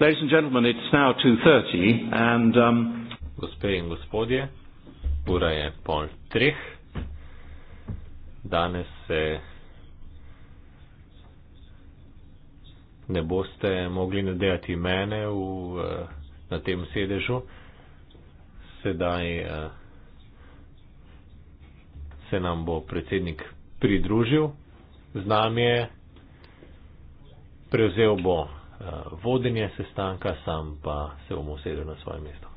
Ladies and gentlemen, it's now 2.30 and... Um, Gospe in gospodje, ura je pol treh. Danes se ne boste mogli nadejati mene v, eh, na tem sedežu. Sedaj eh, se nam bo predsednik pridružil. Z nami je prevzel bo Eh, vodenje sestanka, sam pa se bom usedel na svoje mesto.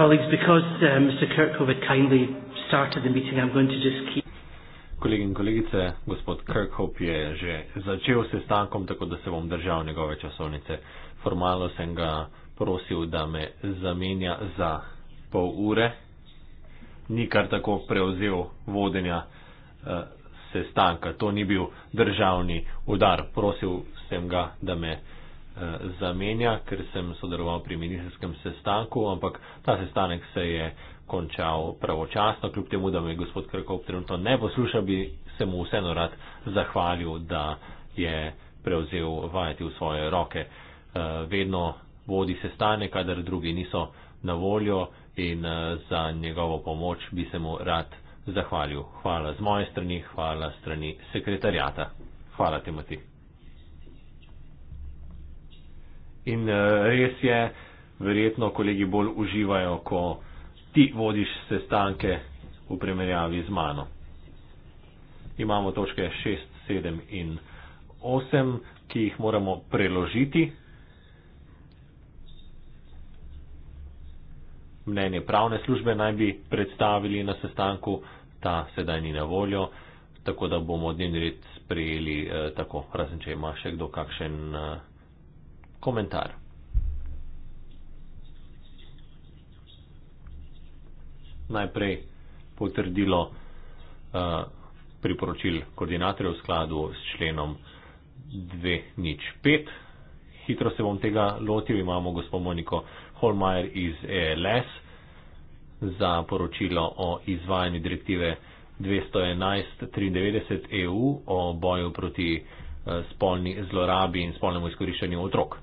colleagues, because uh, Mr. Kirkhove had kindly started the meeting, I'm going to just keep. Kolegi in kolegice, gospod Kirkhope je že začel s stankom, tako da se bom držal njegove časovnice. Formalno sem ga prosil, da me zamenja za pol ure. Ni kar tako prevzel vodenja uh, sestanka. To ni bil državni udar. Prosil sem ga, da me. Eh, zamenja, ker sem sodeloval pri ministerskem sestanku, ampak ta sestanek se je končal pravočasno, kljub temu, da me gospod Krkov trenutno ne posluša, bi se mu vseeno rad zahvalil, da je prevzel vajeti v svoje roke. Eh, vedno vodi sestanek, kadar drugi niso na voljo in eh, za njegovo pomoč bi se mu rad zahvalil. Hvala z moje strani, hvala strani sekretarjata. Hvala, Timoti. In eh, res je, verjetno kolegi bolj uživajo, ko ti vodiš sestanke v primerjavi z mano. Imamo točke 6, 7 in 8, ki jih moramo preložiti. Mnenje pravne službe naj bi predstavili na sestanku, ta sedaj ni na voljo, tako da bomo dnevni red sprejeli eh, tako, razen če ima še kdo kakšen. Eh, komentar. Najprej potrdilo uh, priporočil koordinatorjev v skladu s členom 205. Hitro se bom tega lotil. Imamo gospo Moniko Holmajer iz ELS za poročilo o izvajanju direktive 211.93 EU e o boju proti eh, spolni zlorabi in spolnemu izkoriščanju otrok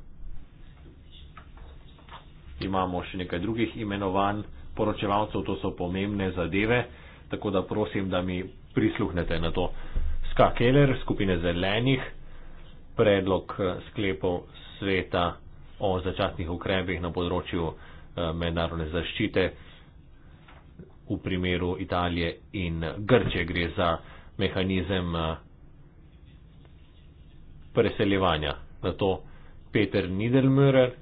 imamo še nekaj drugih imenovanj poročevalcev, to so pomembne zadeve, tako da prosim, da mi prisluhnete na to. Ska Keller, skupine zelenih, predlog eh, sklepov sveta o začasnih ukrepih na področju eh, mednarodne zaščite v primeru Italije in Grče. Gre za mehanizem eh, preseljevanja. Na to Peter Niedelmüller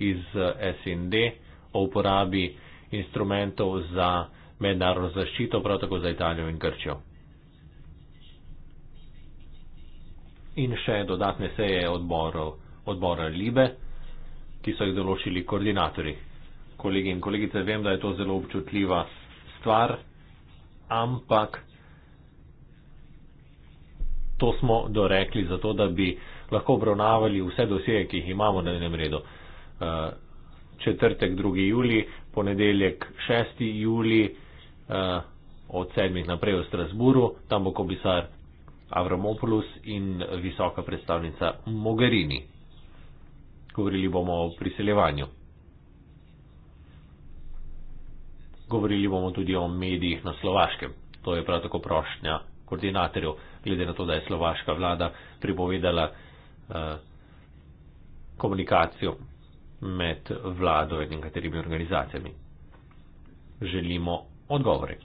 iz eh, SND o uporabi instrumentov za mednarodno zaščito, prav tako za Italijo in Grčjo. In še dodatne seje odborov, odbora Libe, ki so jih določili koordinatori. Kolegi in kolegice, vem, da je to zelo občutljiva stvar, ampak to smo dorekli zato, da bi lahko obravnavali vse dosije, ki jih imamo na enem redu. Eh, četrtek 2. juli, ponedeljek 6. juli eh, od 7. naprej v Strasburu, tam bo komisar Avramopoulos in visoka predstavnica Mogherini. Govorili bomo o priseljevanju. Govorili bomo tudi o medijih na slovaškem. To je prav tako prošnja koordinatorjev, glede na to, da je slovaška vlada pripovedala eh, komunikacijo med vlado in nekaterimi organizacijami. Želimo odgovore.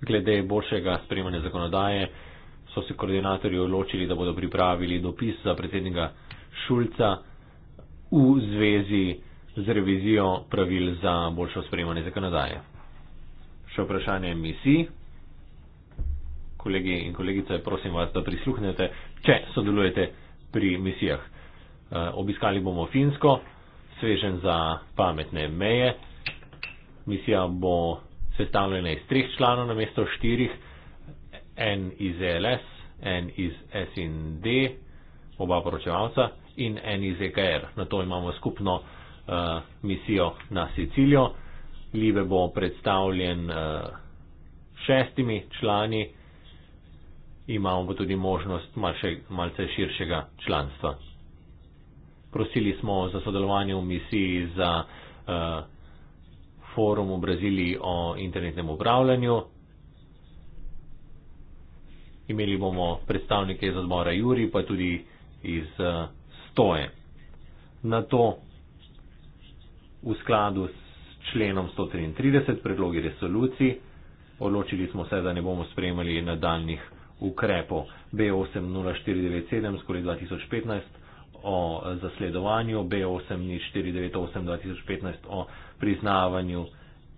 Glede boljšega sprejemanja zakonodaje so se koordinatorji odločili, da bodo pripravili dopis za predsednika Šulca v zvezi z revizijo pravil za boljšo sprejemanje zakonodaje. Še vprašanje emisiji. Kolegi in kolegice, prosim vas, da prisluhnete, če sodelujete pri misijah. Eh, obiskali bomo Finsko, svežen za pametne meje. Misija bo sestavljena iz treh članov na mesto štirih, en iz LS, en iz SND, oba poročevalca in en iz EKR. Na to imamo skupno uh, misijo na Sicilijo. Live bo predstavljen uh, šestimi člani imamo pa tudi možnost malce, malce širšega članstva. Prosili smo za sodelovanje v misiji za uh, forum v Braziliji o internetnem upravljanju. Imeli bomo predstavnike iz odbora Juri, pa tudi iz uh, Stoje. Na to v skladu s členom 133 predlogi resolucij odločili smo se, da ne bomo spremljali nadaljnih ukrepov B80497 skoraj 2015 o zasledovanju, B80498 2015 o priznavanju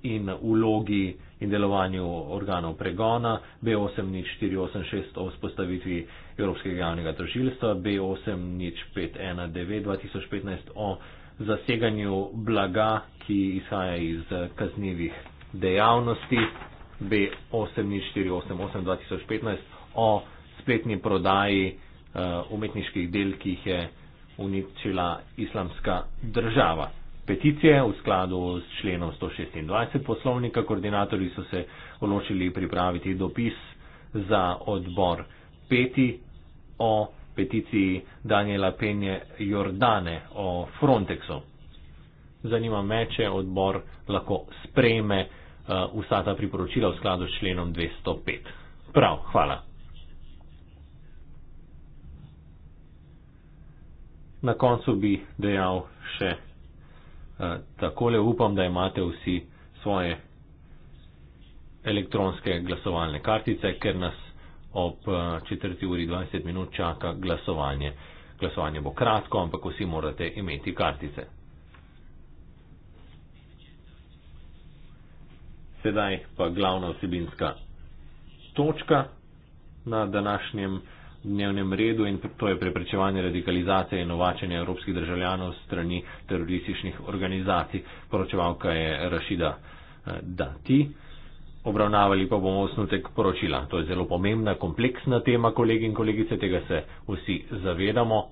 in ulogi in delovanju organov pregona, B80486 o vzpostavitvi Evropskega javnega tožilstva, B80519 2015 o zaseganju blaga, ki izhaja iz kaznjivih dejavnosti, B80488 2015 o spletni prodaji eh, umetniških del, ki jih je uničila islamska država. Peticije v skladu s členom 126 poslovnika, koordinatorji so se odločili pripraviti dopis za odbor peti o peticiji Daniela Penje Jordane o Frontexu. Zanima me, če odbor lahko sprejme uh, vsa ta priporočila v skladu s členom 205. Prav, hvala. Na koncu bi dejal še eh, takole, upam, da imate vsi svoje elektronske glasovalne kartice, ker nas ob 4. Eh, uri 20 minut čaka glasovanje. Glasovanje bo kratko, ampak vsi morate imeti kartice. Sedaj pa glavna osebinska točka na današnjem dnevnem redu in to je preprečevanje radikalizacije in ovačenje evropskih državljanov strani terorističnih organizacij. Poročevalka je Rašida eh, Dati. Obravnavali pa bomo osnutek poročila. To je zelo pomembna, kompleksna tema, kolegi in kolegice, tega se vsi zavedamo.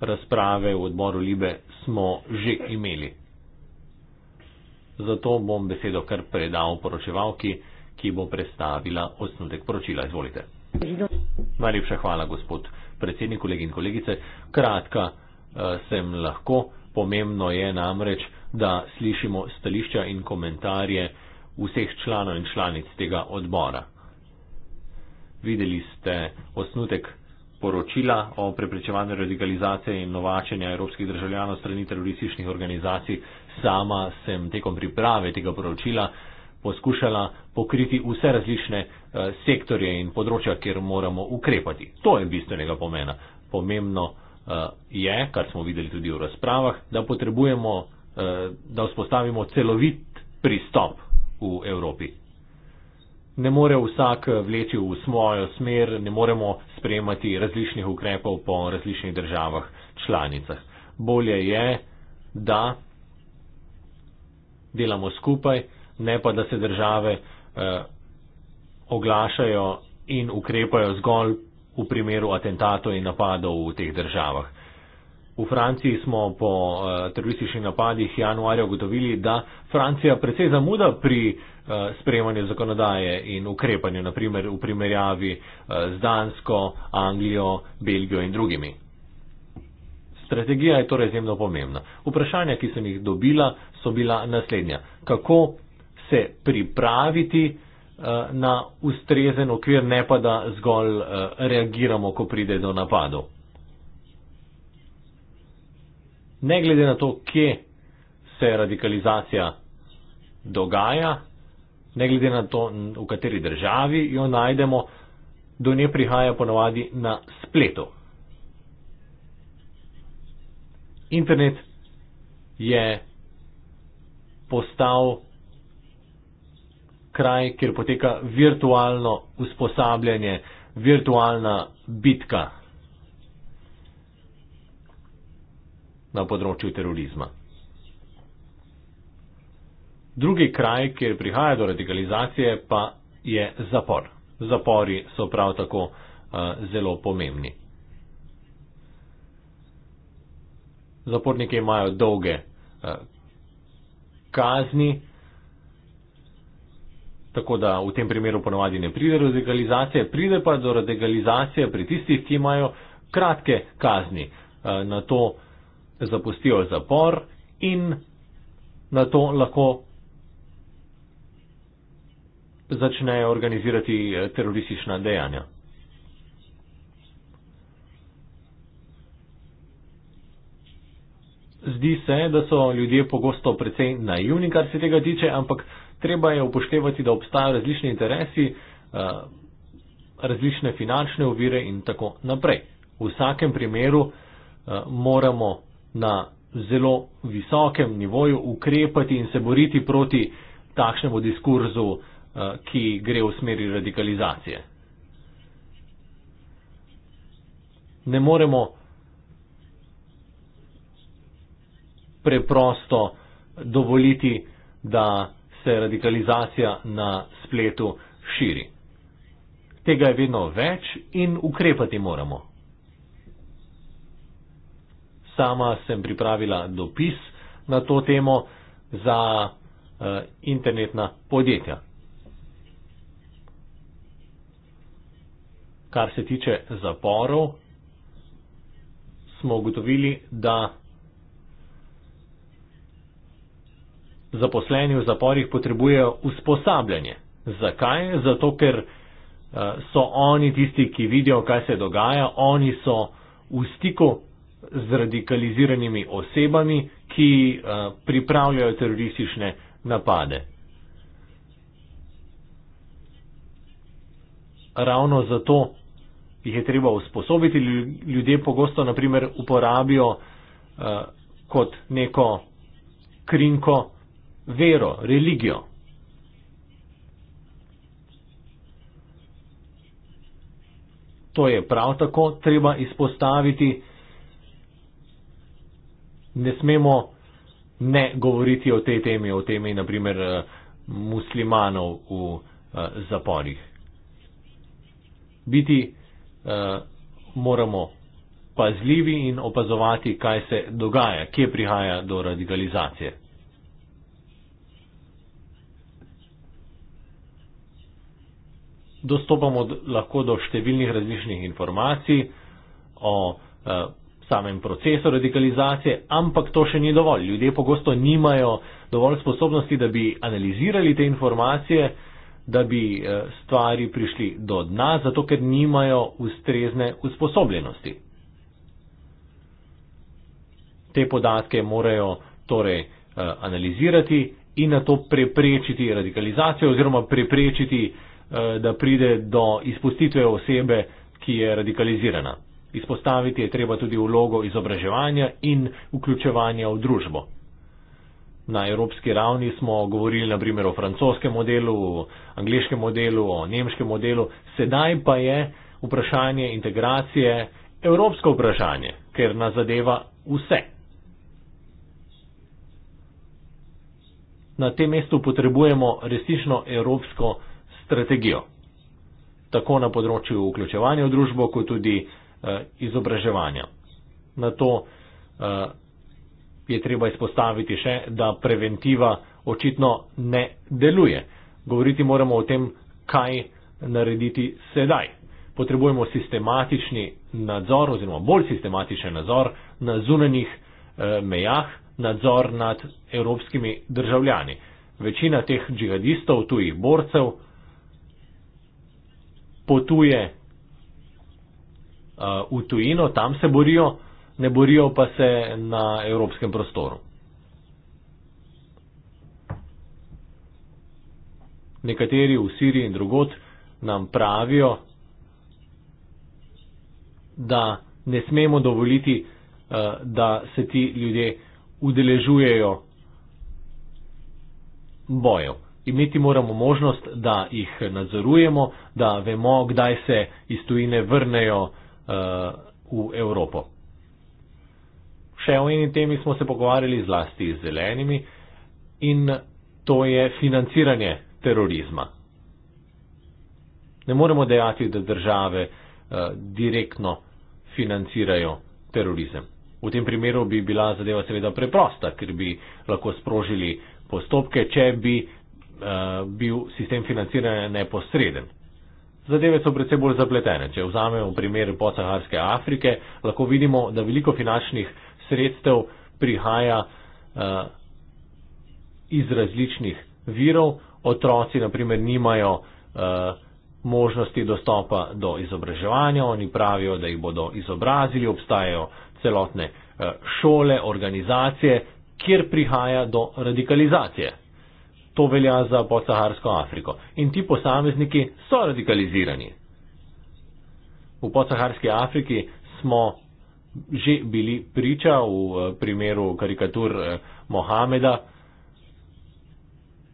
Razprave v odboru Libe smo že imeli. Zato bom besedo kar predal poročevalki, ki bo predstavila osnutek poročila. Izvolite. Najlepša hvala, gospod predsednik, kolegi in kolegice. Kratka eh, sem lahko. Pomembno je namreč, da slišimo stališča in komentarje vseh članov in članic tega odbora. Videli ste osnutek poročila o preprečevanju radikalizacije in novačenja evropskih državljanov strani terorističnih organizacij. Sama sem tekom priprave tega poročila poskušala pokriti vse različne eh, sektorje in področja, kjer moramo ukrepati. To je bistvenega pomena. Pomembno eh, je, kar smo videli tudi v razpravah, da potrebujemo, eh, da vzpostavimo celovit pristop v Evropi. Ne more vsak vleči v svojo smer, ne moremo sprejemati različnih ukrepov po različnih državah članicah. Bolje je, da delamo skupaj, ne pa da se države eh, oglašajo in ukrepajo zgolj v primeru atentatov in napadov v teh državah. V Franciji smo po eh, terorističnih napadih januarja ugotovili, da Francija precej zamuda pri eh, sprejemanju zakonodaje in ukrepanju, naprimer v primerjavi eh, z Dansko, Anglijo, Belgijo in drugimi. Strategija je torej izjemno pomembna. Vprašanja, ki sem jih dobila, so bila naslednja. Kako se pripraviti eh, na ustrezen okvir, ne pa da zgolj eh, reagiramo, ko pride do napadov. Ne glede na to, kje se radikalizacija dogaja, ne glede na to, v kateri državi jo najdemo, do nje prihaja ponovadi na spletu. Internet je postal kraj, kjer poteka virtualno usposabljanje, virtualna bitka na področju terorizma. Drugi kraj, kjer prihaja do radikalizacije, pa je zapor. Zapori so prav tako uh, zelo pomembni. Zaporniki imajo dolge uh, kazni, tako da v tem primeru ponovadi ne pride do radikalizacije, pride pa do radikalizacije pri tistih, ki imajo kratke kazni. Eh, na to zapustijo zapor in na to lahko začnejo organizirati eh, teroristična dejanja. Zdi se, da so ljudje pogosto precej naivni, kar se tega tiče, ampak treba je upoštevati, da obstajajo različni interesi, eh, različne finančne ovire in tako naprej. V vsakem primeru eh, moramo na zelo visokem nivoju ukrepati in se boriti proti takšnemu diskurzu, eh, ki gre v smeri radikalizacije. Ne moremo preprosto dovoliti, da se radikalizacija na spletu širi. Tega je vedno več in ukrepati moramo. Sama sem pripravila dopis na to temo za eh, internetna podjetja. Kar se tiče zaporov, smo ugotovili, da zaposleni v zaporih potrebujejo usposabljanje. Zakaj? Zato, ker eh, so oni tisti, ki vidijo, kaj se dogaja, oni so v stiku z radikaliziranimi osebami, ki eh, pripravljajo teroristične napade. Ravno zato jih je treba usposobiti. Ljudje pogosto, naprimer, uporabijo eh, kot neko krinko eh, vero, religijo. To je prav tako treba izpostaviti. Ne smemo ne govoriti o tej temi, o temi naprimer eh, muslimanov v eh, zaporih. Biti eh, moramo pazljivi in opazovati, kaj se dogaja, kje prihaja do radikalizacije. dostopamo lahko do številnih različnih informacij o eh, samem procesu radikalizacije, ampak to še ni dovolj. Ljudje pogosto nimajo dovolj sposobnosti, da bi analizirali te informacije, da bi eh, stvari prišli do dna, zato ker nimajo ustrezne usposobljenosti. Te podatke morajo torej eh, analizirati in na to preprečiti radikalizacijo oziroma preprečiti uh, Eh, da pride do izpustitve osebe, ki je radikalizirana. Izpostaviti je treba tudi vlogo izobraževanja in vključevanja v družbo. Na evropski ravni smo govorili na primer o francoskem modelu, o angliškem modelu, o nemškem modelu, sedaj pa je vprašanje integracije evropsko vprašanje, ker nas zadeva vse. Na tem mestu potrebujemo resnično evropsko vprašanje strategijo. Tako na področju vključevanja v družbo, kot tudi eh, izobraževanja. Na to eh, je treba izpostaviti še, da preventiva očitno ne deluje. Govoriti moramo o tem, kaj narediti sedaj. Potrebujemo sistematični nadzor oziroma bolj sistematičen nadzor na zunanjih eh, mejah, nadzor nad evropskimi državljani. Večina teh džihadistov, tujih borcev, potuje uh, v tujino, tam se borijo, ne borijo pa se na evropskem prostoru. Nekateri v Siriji in drugot nam pravijo, da ne smemo dovoliti, uh, da se ti ljudje udeležujejo bojev imeti moramo možnost, da jih nadzorujemo, da vemo, kdaj se iz tujine vrnejo uh, v Evropo. Še o eni temi smo se pogovarjali zlasti z zelenimi in to je financiranje terorizma. Ne moremo dejati, da države uh, direktno financirajo terorizem. V tem primeru bi bila zadeva seveda preprosta, ker bi lahko sprožili postopke, če bi Eh, bil sistem financiranja neposreden. Zadeve so predvsem bolj zapletene. Če vzamemo primer podsaharske Afrike, lahko vidimo, da veliko finančnih sredstev prihaja uh, iz različnih virov. Otroci, naprimer, nimajo uh, možnosti dostopa do izobraževanja, oni pravijo, da jih bodo izobrazili, obstajajo celotne uh, šole, organizacije, kjer prihaja do radikalizacije. To velja za podsaharsko Afriko. In ti posamezniki so radikalizirani. V podsaharski Afriki smo že bili priča v eh, primeru karikatur eh, Mohameda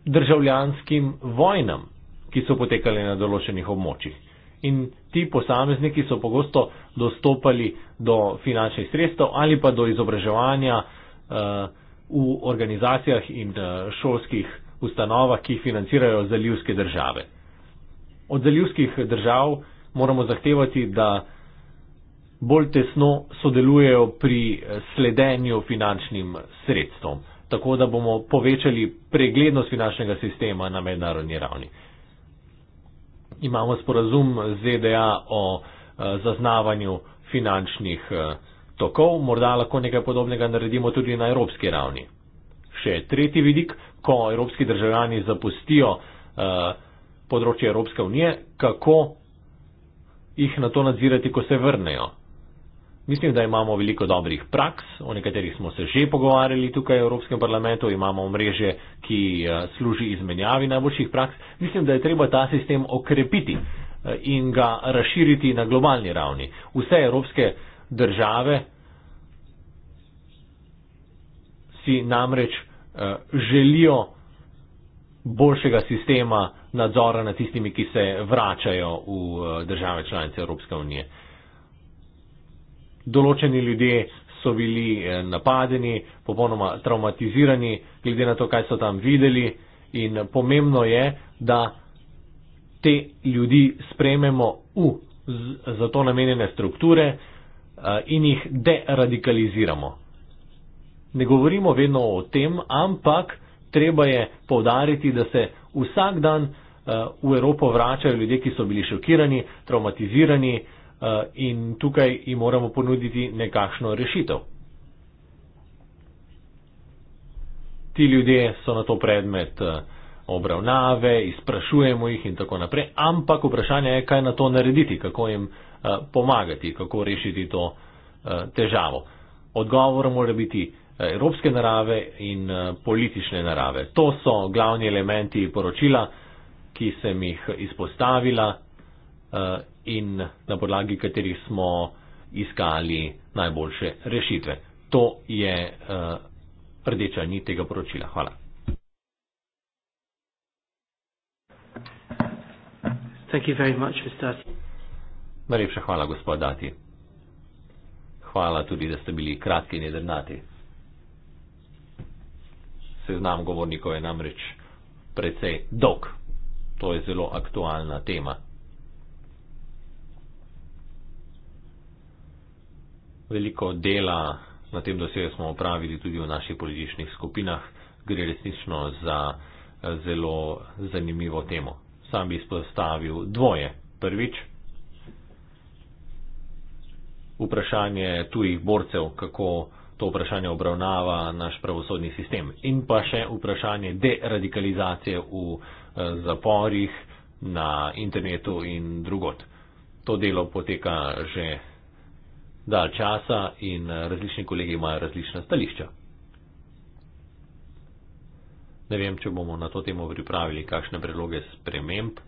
državljanskim vojnam, ki so potekali na določenih območjih. In ti posamezniki so pogosto dostopali do finančnih sredstev ali pa do izobraževanja uh, v organizacijah in uh, šolskih uh, ustanovah, ki jih financirajo zalivske države. Od zalivskih držav moramo zahtevati, da bolj tesno sodelujejo pri sledenju finančnim sredstvom, tako da bomo povečali preglednost finančnega sistema na mednarodni ravni. Imamo sporazum ZDA o eh, zaznavanju finančnih eh, tokov, morda lahko nekaj podobnega naredimo tudi na evropski ravni. Še tretji vidik ko evropski državljani zapustijo uh, področje Evropske unije, kako jih na to nadzirati, ko se vrnejo. Mislim, da imamo veliko dobrih praks, o nekaterih smo se že pogovarjali tukaj v Evropskem parlamentu, imamo mreže, ki eh, služi izmenjavi najboljših praks. Mislim, da je treba ta sistem okrepiti eh, in ga razširiti na globalni ravni. Vse evropske države si namreč Eh, želijo boljšega sistema nadzora nad tistimi, ki se vračajo v eh, države članice Evropske unije. Določeni ljudje so bili eh, napadeni, popolnoma traumatizirani, glede na to, kaj so tam videli in pomembno je, da te ljudi sprememo v zato namenjene strukture in jih deradikaliziramo ne govorimo vedno o tem, ampak treba je povdariti, da se vsak dan eh, v Evropo vračajo ljudje, ki so bili šokirani, traumatizirani eh, in tukaj jim moramo ponuditi nekakšno rešitev. Ti ljudje so na to predmet eh, obravnave, izprašujemo jih in tako naprej, ampak vprašanje je, kaj na to narediti, kako jim pomagati, kako rešiti to težavo. Odgovor mora biti evropske narave in eh, politične narave. To so glavni elementi poročila, ki sem jih izpostavila eh, in na podlagi katerih smo iskali najboljše rešitve. To je eh, rdeča nit tega poročila. Hvala. Najlepša hvala, gospod Dati. Hvala tudi, da ste bili kratki in jedrnati seznam govornikov je namreč precej dolg. To je zelo aktualna tema. Veliko dela na tem dosegu smo opravili tudi v naših političnih skupinah, gre resnično za eh, zelo zanimivo temo. Sam bi izpostavil dvoje. Prvič, vprašanje tujih borcev, kako to vprašanje obravnava naš pravosodni sistem. In pa še vprašanje deradikalizacije v eh, zaporih, na internetu in drugot. To delo poteka že dal časa in eh, različni kolegi imajo različna stališča. Ne vem, če bomo na to temo pripravili kakšne predloge sprememb,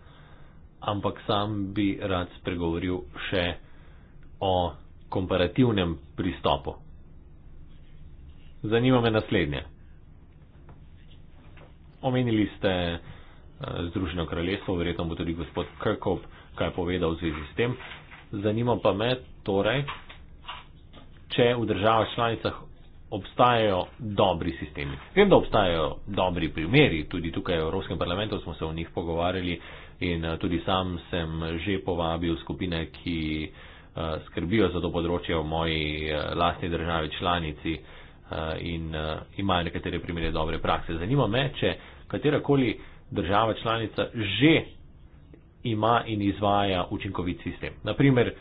ampak sam bi rad spregovoril še o komparativnem pristopu. Zanima me naslednje. Omenili ste eh, Združeno kraljestvo, verjetno bo tudi gospod Krkop kaj povedal v zvezi s tem. Zanima pa me torej, če v državah članicah obstajajo dobri sistemi. Vem, da obstajajo dobri primeri, tudi tukaj v Evropskem parlamentu smo se o njih pogovarjali in eh, tudi sam sem že povabil skupine, ki eh, skrbijo za to področje v moji lastni državi članici. Eh, in eh, imajo nekatere primere dobre prakse. Zanima me, če katerakoli država članica že ima in izvaja učinkovit sistem. Naprimer, eh,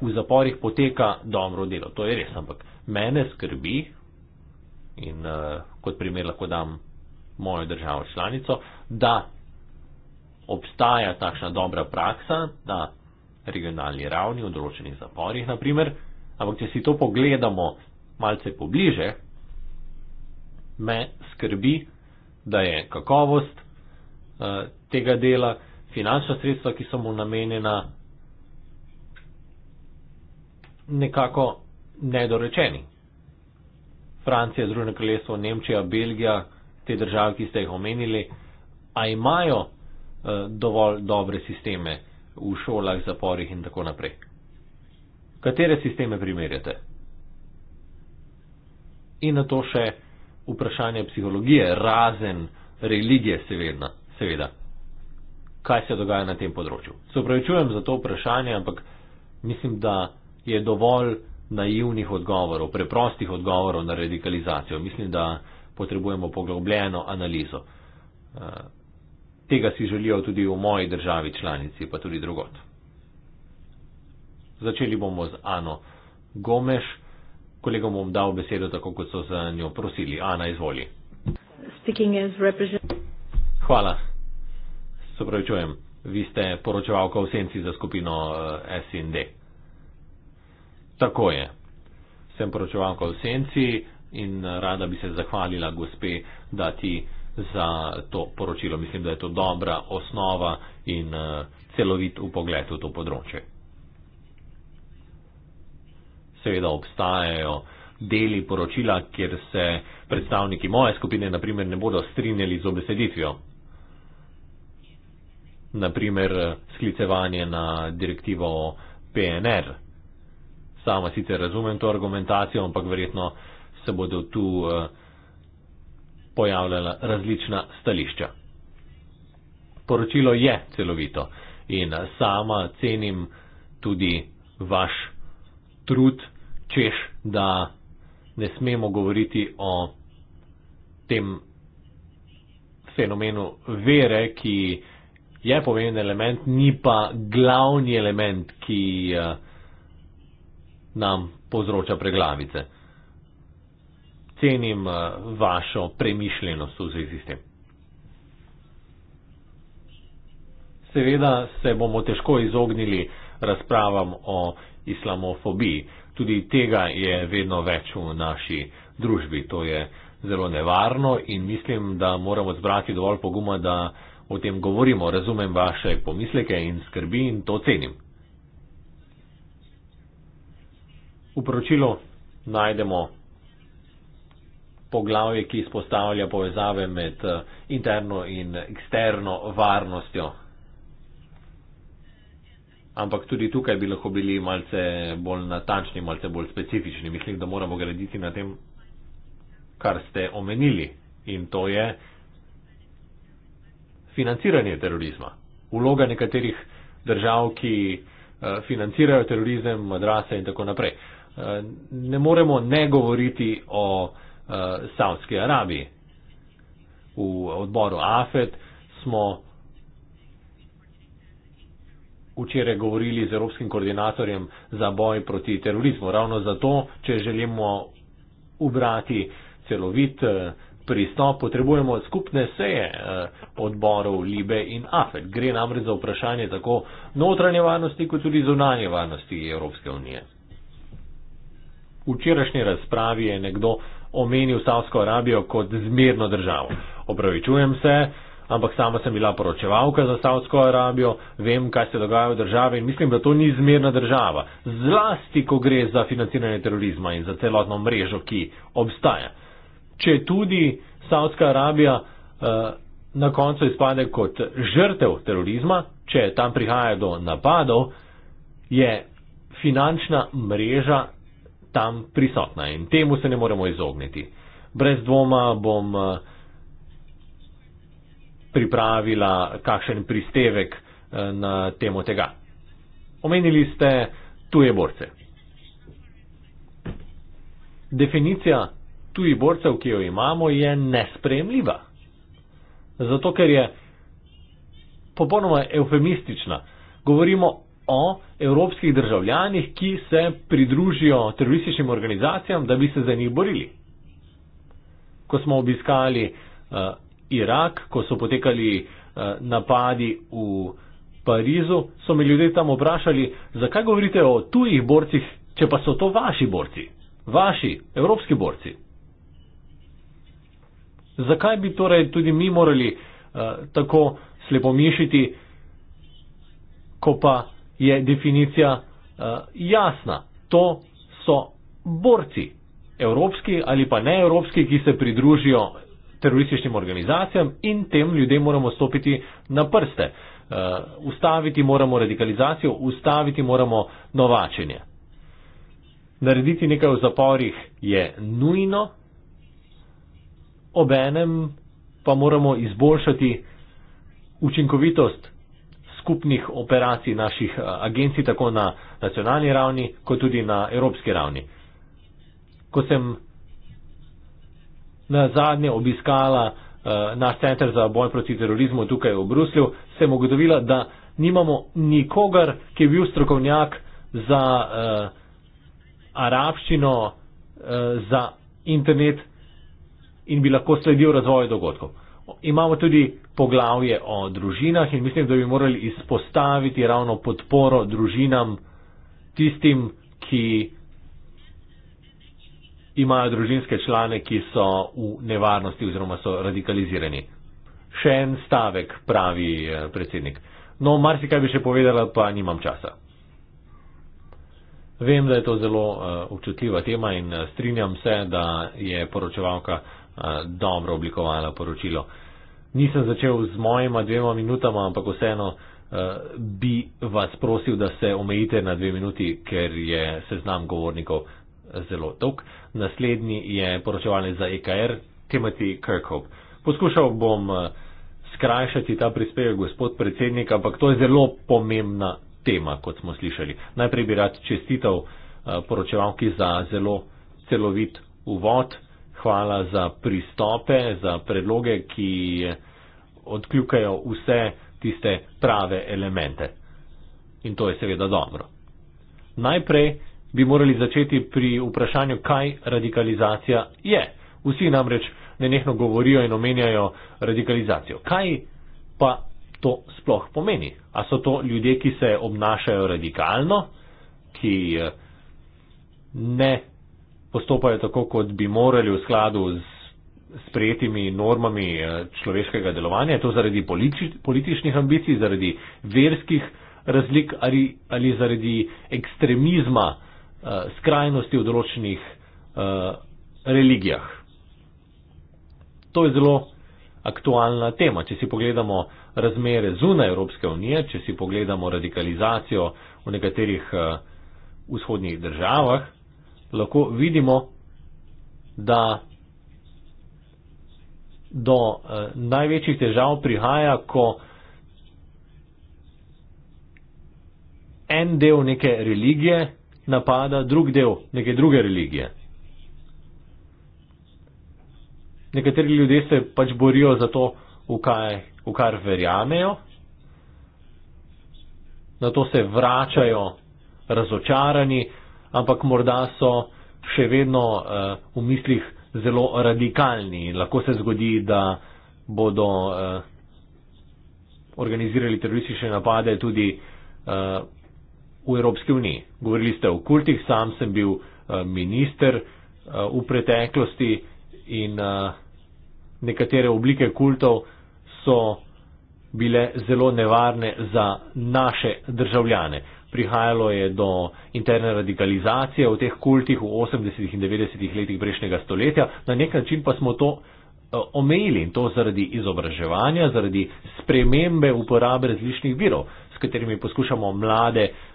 v zaporih poteka dobro delo. To je res, ampak mene skrbi in kot primer lahko dam mojo državo članico, da obstaja takšna dobra praksa na regionalni ravni v določenih zaporih, naprimer, ampak če si to pogledamo malce pobliže, me skrbi, da je kakovost eh, tega dela, finančna sredstva, ki so mu namenjena, nekako nedorečeni. Francija, Združeno kraljestvo, Nemčija, Belgija, te države, ki ste jih omenili, a imajo eh, dovolj dobre sisteme v šolah, zaporih in tako naprej. Katere sisteme primerjate? in na to še vprašanje psihologije, razen religije, seveda. seveda. Kaj se dogaja na tem področju? Se upravičujem za to vprašanje, ampak mislim, da je dovolj naivnih odgovorov, preprostih odgovorov na radikalizacijo. Mislim, da potrebujemo poglobljeno analizo. Eh, tega si želijo tudi v moji državi članici, pa tudi drugot. Začeli bomo z Ano Gomeš kolegom bom dal besedo, tako kot so za njo prosili. Ana, izvoli. Hvala. Sopravičujem. Vi ste poročevalka v senci za skupino eh, SND. Tako je. Sem poročevalka v senci in eh, rada bi se zahvalila gospe, da ti za to poročilo. Mislim, da je to dobra osnova in eh, celovit upogled v to področje seveda obstajajo deli poročila, kjer se predstavniki moje skupine naprimer ne bodo strinjali z obeseditvijo. Naprimer sklicevanje na direktivo PNR. Sama sicer razumem to argumentacijo, ampak verjetno se bodo tu eh, pojavljala različna stališča. Poročilo je celovito in sama cenim tudi vaš trud češ, da ne smemo govoriti o tem fenomenu vere, ki je pomemben element, ni pa glavni element, ki eh, nam povzroča preglavice. Cenim eh, vašo premišljenost v zvezi s tem. Seveda se bomo težko izognili razpravam o islamofobiji tudi tega je vedno več v naši družbi. To je zelo nevarno in mislim, da moramo zbrati dovolj poguma, da o tem govorimo. Razumem vaše pomisleke in skrbi in to cenim. V poročilu najdemo poglavje, ki izpostavlja povezave med eh, interno in eksterno varnostjo ampak tudi tukaj bi lahko bili malce bolj natančni, malce bolj specifični. Mislim, da moramo graditi na tem, kar ste omenili in to je financiranje terorizma. Uloga nekaterih držav, ki eh, financirajo terorizem, madrase in tako naprej. Eh, ne moremo ne govoriti o eh, Savski Arabiji. V odboru AFED smo včeraj govorili z Evropskim koordinatorjem za boj proti terorizmu. Ravno zato, če želimo ubrati celovit eh, pristop, potrebujemo skupne seje eh, odborov Libe in AFED. Gre namreč za vprašanje tako notranje varnosti, kot tudi zunanje varnosti Evropske unije. V včerajšnji razpravi je nekdo omenil Savsko Arabijo kot zmerno državo. Opravičujem se, ampak sama sem bila poročevalka za Saudsko Arabijo, vem, kaj se dogaja v državi in mislim, da to ni zmerna država. Zlasti, ko gre za financiranje terorizma in za celotno mrežo, ki obstaja. Če tudi Saudska Arabija eh, na koncu izpade kot žrtev terorizma, če tam prihaja do napadov, je finančna mreža tam prisotna in temu se ne moremo izogniti. Brez dvoma bom. Eh, pripravila kakšen pristevek eh, na temo tega. Omenili ste tuje borce. Definicija tujih borcev, ki jo imamo, je nespremljiva. Zato, ker je popolnoma eufemistična. Govorimo o evropskih državljanih, ki se pridružijo terorističnim organizacijam, da bi se za njih borili. Ko smo obiskali eh, Irak, ko so potekali eh, napadi v Parizu, so me ljudje tam vprašali, zakaj govorite o tujih borcih, če pa so to vaši borci, vaši evropski borci. Zakaj bi torej tudi mi morali eh, tako slepomišiti, ko pa je definicija eh, jasna, to so borci. Evropski ali pa neevropski, ki se pridružijo terorističnim organizacijam in tem ljudem moramo stopiti na prste. Uh, ustaviti moramo radikalizacijo, ustaviti moramo novačenje. Narediti nekaj v zaporih je nujno, obenem pa moramo izboljšati učinkovitost skupnih operacij naših eh, agencij tako na nacionalni ravni, kot tudi na evropski ravni. Ko sem na zadnje obiskala uh, naš center za boj proti terorizmu tukaj v Bruslju, sem ugotovila, da nimamo nikogar, ki je bil strokovnjak za uh, arabščino, uh, za internet in bi lahko sledil razvoju dogodkov. Imamo tudi poglavje o družinah in mislim, da bi morali izpostaviti ravno podporo družinam tistim, ki imajo družinske člane, ki so v nevarnosti oziroma so radikalizirani. Še en stavek, pravi eh, predsednik. No, marsikaj bi še povedala, pa nimam časa. Vem, da je to zelo uh, občutljiva tema in eh, strinjam se, da je poročevalka uh, dobro oblikovala poročilo. Nisem začel z mojima dvema minutama, ampak vseeno uh, bi vas prosil, da se omejite na dve minuti, ker je seznam govornikov zelo dolg. Naslednji je poročevalec za EKR, Timothy Kirkhope. Poskušal bom eh, skrajšati ta prispevek, gospod predsednik, ampak to je zelo pomembna tema, kot smo slišali. Najprej bi rad čestitev eh, poročevalki za zelo celovit uvod. Hvala za pristope, za predloge, ki eh, odkljukajo vse tiste prave elemente. In to je seveda dobro. Najprej bi morali začeti pri vprašanju, kaj radikalizacija je. Vsi namreč nenehno govorijo in omenjajo radikalizacijo. Kaj pa to sploh pomeni? A so to ljudje, ki se obnašajo radikalno, ki eh, ne postopajo tako, kot bi morali v skladu z sprejetimi normami eh, človeškega delovanja, to zaradi političnih ambicij, zaradi verskih razlik ali, ali zaradi ekstremizma Eh, skrajnosti v določenih eh, religijah. To je zelo aktualna tema. Če si pogledamo razmere zunaj Evropske unije, če si pogledamo radikalizacijo v nekaterih eh, vzhodnih državah, lahko vidimo, da do največjih težav prihaja, ko en del neke religije napada drug del neke druge religije. Nekateri ljudje se pač borijo za to, v, kaj, v kar verjamejo, na to se vračajo razočarani, ampak morda so še vedno eh, v mislih zelo radikalni. Lahko se zgodi, da bodo eh, organizirali teroristične napade tudi eh, v Evropski uniji. Govorili ste o kultih, sam sem bil eh, minister eh, v preteklosti in eh, nekatere oblike kultov so bile zelo nevarne za naše državljane. Prihajalo je do interne radikalizacije v teh kultih v 80. in 90. letih prejšnjega stoletja. Na nek način pa smo to omejili in to zaradi izobraževanja, zaradi spremembe uporabe različnih virov, s katerimi poskušamo mlade uh,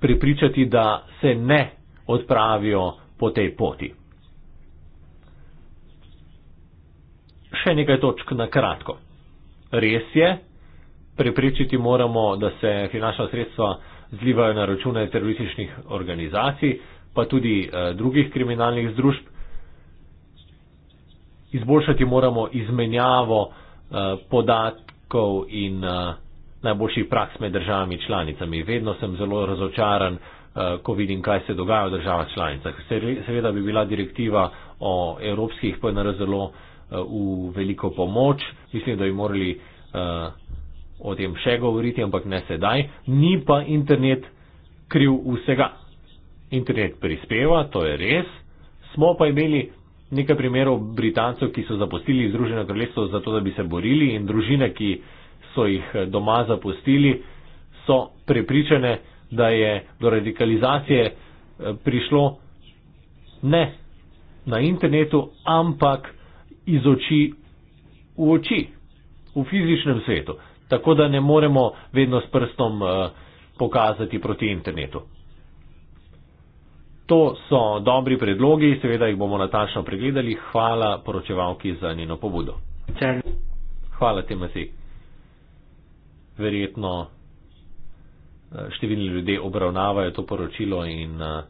prepričati, da se ne odpravijo po tej poti. Še nekaj točk na kratko. Res je, prepričati moramo, da se finančna sredstva zlivajo na račune terorističnih organizacij, pa tudi eh, drugih kriminalnih združb. Izboljšati moramo izmenjavo eh, podatkov in eh, najboljši praks med državami članicami. Vedno sem zelo razočaran, eh, ko vidim, kaj se dogaja v državah članicah. Seveda bi bila direktiva o evropskih PNR zelo eh, v veliko pomoč. Mislim, da bi morali eh, o tem še govoriti, ampak ne sedaj. Ni pa internet kriv vsega. Internet prispeva, to je res. Smo pa imeli nekaj primerov Britancev, ki so zapustili Združeno kraljestvo zato, da bi se borili in družine, ki so jih eh, doma zapustili, so prepričane, da je do radikalizacije eh, prišlo ne na internetu, ampak iz oči v oči, v fizičnem svetu. Tako da ne moremo vedno s prstom eh, pokazati proti internetu. To so dobri predlogi, seveda jih bomo natančno pregledali. Hvala poročevalki za njeno pobudo. Hvala, Timasi verjetno eh, številni ljudje obravnavajo to poročilo in eh,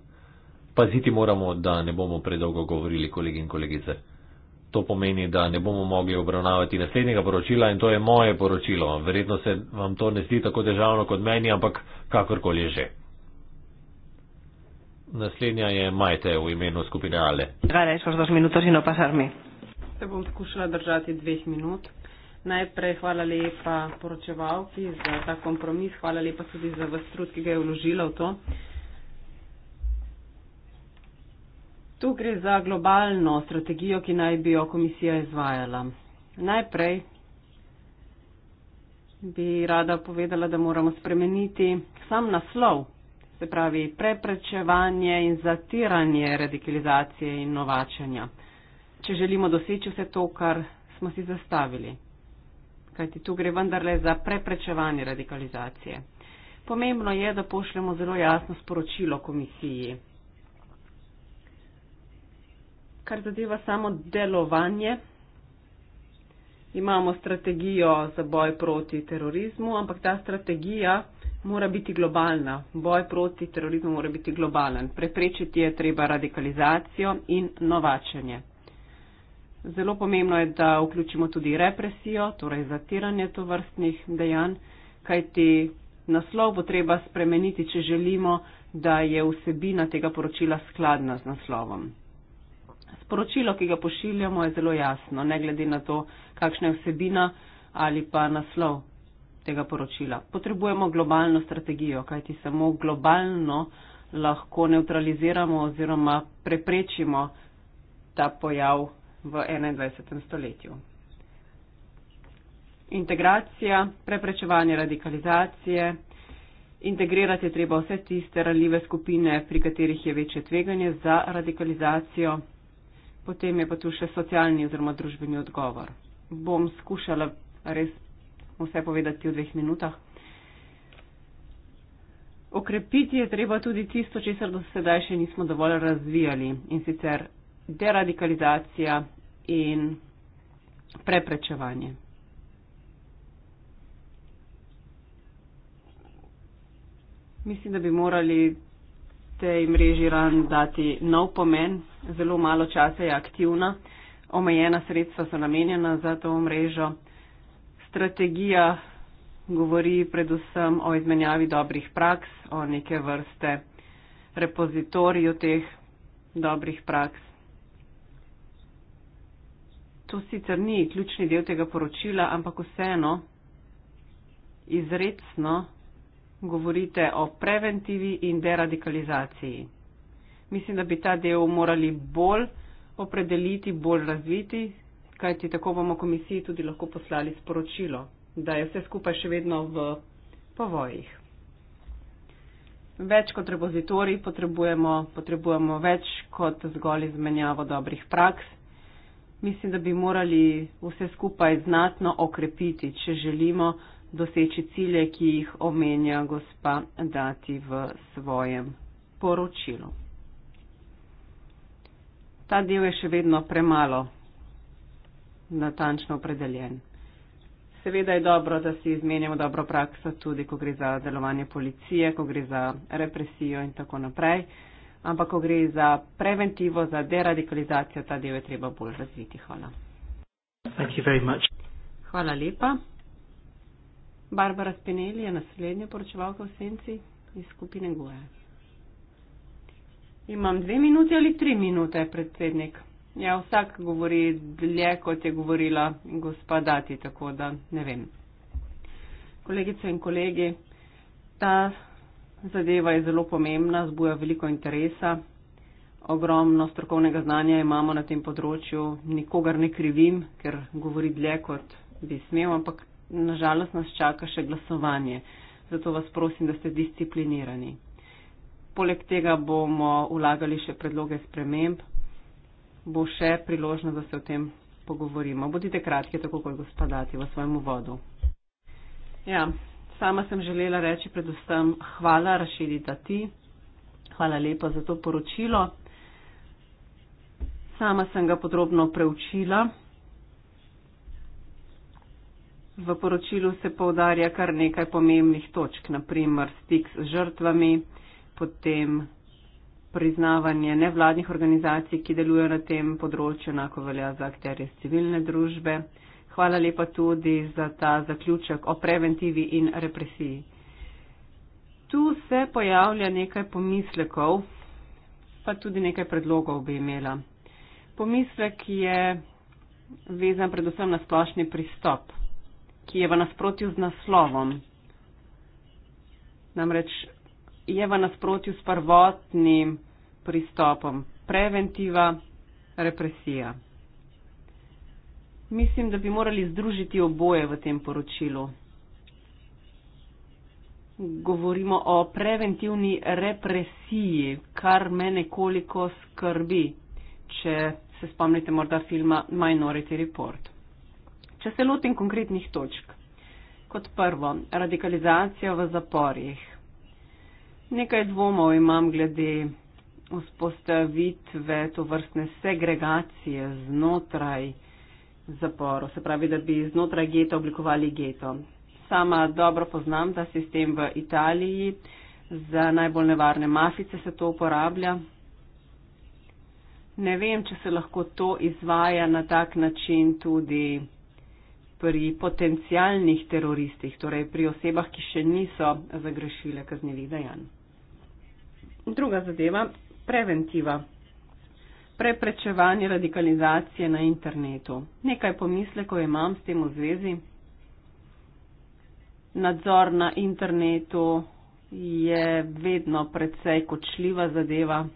paziti moramo, da ne bomo predolgo govorili, kolegi in kolegice. To pomeni, da ne bomo mogli obravnavati naslednjega poročila in to je moje poročilo. Verjetno se vam to ne zdi tako težavno kot meni, ampak kakorkoli že. Naslednja je Majte v imenu skupine Ale. Dva reč, pa dva minuta, že no pasar mi. Se bom skušala držati dveh minut. Najprej hvala lepa poročevalki za ta kompromis, hvala lepa tudi za vse trud, ki ga je vložila v to. Tu gre za globalno strategijo, ki naj bi jo komisija izvajala. Najprej bi rada povedala, da moramo spremeniti sam naslov, se pravi preprečevanje in zatiranje radikalizacije in novačanja, če želimo doseči vse to, kar smo si zastavili kajti tu gre vendarle za preprečevanje radikalizacije. Pomembno je, da pošljemo zelo jasno sporočilo komisiji. Kar zadeva samo delovanje, imamo strategijo za boj proti terorizmu, ampak ta strategija mora biti globalna. Boj proti terorizmu mora biti globalen. Preprečiti je treba radikalizacijo in novačenje. Zelo pomembno je, da vključimo tudi represijo, torej zatiranje to vrstnih dejanj, kajti naslov bo treba spremeniti, če želimo, da je vsebina tega poročila skladna z naslovom. Sporočilo, ki ga pošiljamo, je zelo jasno, ne glede na to, kakšna je vsebina ali pa naslov tega poročila. Potrebujemo globalno strategijo, kajti samo globalno lahko neutraliziramo oziroma preprečimo ta pojav v 21. stoletju. Integracija, preprečevanje radikalizacije, integrirati je treba vse tiste ranljive skupine, pri katerih je večje tveganje za radikalizacijo, potem je pa tu še socialni oziroma družbeni odgovor. Bom skušala res vse povedati v dveh minutah. Okrepiti je treba tudi tisto, česar do sedaj še nismo dovolj razvijali, in sicer deradikalizacija in preprečevanje. Mislim, da bi morali tej mreži ran dati nov pomen. Zelo malo časa je aktivna, omejena sredstva so namenjena za to mrežo. Strategija govori predvsem o izmenjavi dobrih praks, o neke vrste repozitoriju teh dobrih praks to sicer ni ključni del tega poročila, ampak vseeno izredno govorite o preventivi in deradikalizaciji. Mislim, da bi ta del morali bolj opredeliti, bolj razviti, kajti tako bomo komisiji tudi lahko poslali sporočilo, da je vse skupaj še vedno v povojih. Več kot repozitorij potrebujemo, potrebujemo več kot zgolj izmenjavo dobrih praks mislim, da bi morali vse skupaj znatno okrepiti, če želimo doseči cilje, ki jih omenja gospa Dati v svojem poročilu. Ta del je še vedno premalo natančno opredeljen. Seveda je dobro, da si izmenjamo dobro prakso tudi, ko gre za delovanje policije, ko gre za represijo in tako naprej ampak ko gre za preventivo, za deradikalizacijo, ta del je treba bolj razviti. Hvala. Hvala lepa. Barbara Spinelli je naslednja poročevalka v Senci iz skupine Goja. Imam dve minute ali tri minute, predsednik. Ja, vsak govori dlje, kot je govorila gospodati, tako da ne vem. Kolegice in kolegi, ta zadeva je zelo pomembna, zbuja veliko interesa, ogromno strokovnega znanja imamo na tem področju, nikogar ne krivim, ker govori dlje, kot bi smel, ampak nažalost nas čaka še glasovanje. Zato vas prosim, da ste disciplinirani. Poleg tega bomo ulagali še predloge sprememb, bo še priložnost, da se o tem pogovorimo. Bodite kratki, tako kot gospodati v svojemu vodu. Ja, Sama sem želela reči predvsem hvala, raširita ti, hvala lepa za to poročilo. Sama sem ga podrobno preučila. V poročilu se povdarja kar nekaj pomembnih točk, naprimer stik z žrtvami, potem priznavanje nevladnih organizacij, ki delujejo na tem področju, enako velja za akterje civilne družbe. Hvala lepa tudi za ta zaključek o preventivi in represiji. Tu se pojavlja nekaj pomislekov, pa tudi nekaj predlogov bi imela. Pomislek je vezan predvsem na splošni pristop, ki je v nasprotju z naslovom. Namreč je v nasprotju s prvotnim pristopom preventiva, represija. Mislim, da bi morali združiti oboje v tem poročilu. Govorimo o preventivni represiji, kar me nekoliko skrbi, če se spomnite morda filma Minority Report. Če se lotim konkretnih točk. Kot prvo, radikalizacija v zaporih. Nekaj dvomov imam glede vzpostavitve to vrstne segregacije znotraj zaporu, se pravi, da bi znotraj geta oblikovali geto. Sama dobro poznam ta sistem v Italiji, za najbolj nevarne mafice se to uporablja. Ne vem, če se lahko to izvaja na tak način tudi pri potencialnih teroristih, torej pri osebah, ki še niso zagrešile kaznjivih dejanj. Druga zadeva, preventiva preprečevanje radikalizacije na internetu. Nekaj pomislekov imam s tem v zvezi. Nadzor na internetu je vedno precej kočljiva zadeva.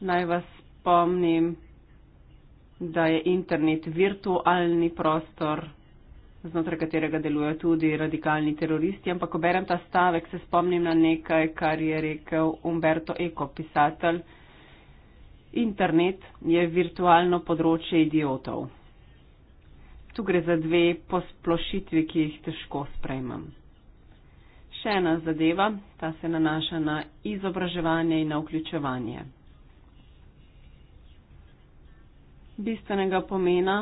Naj vas spomnim, da je internet virtualni prostor, znotraj katerega delujejo tudi radikalni teroristi, ampak ko berem ta stavek, se spomnim na nekaj, kar je rekel Umberto Eko, pisatelj, Internet je virtualno področje idiotov. Tu gre za dve posplošitvi, ki jih težko sprejmem. Še ena zadeva, ta se nanaša na izobraževanje in na vključevanje. Bistvenega pomena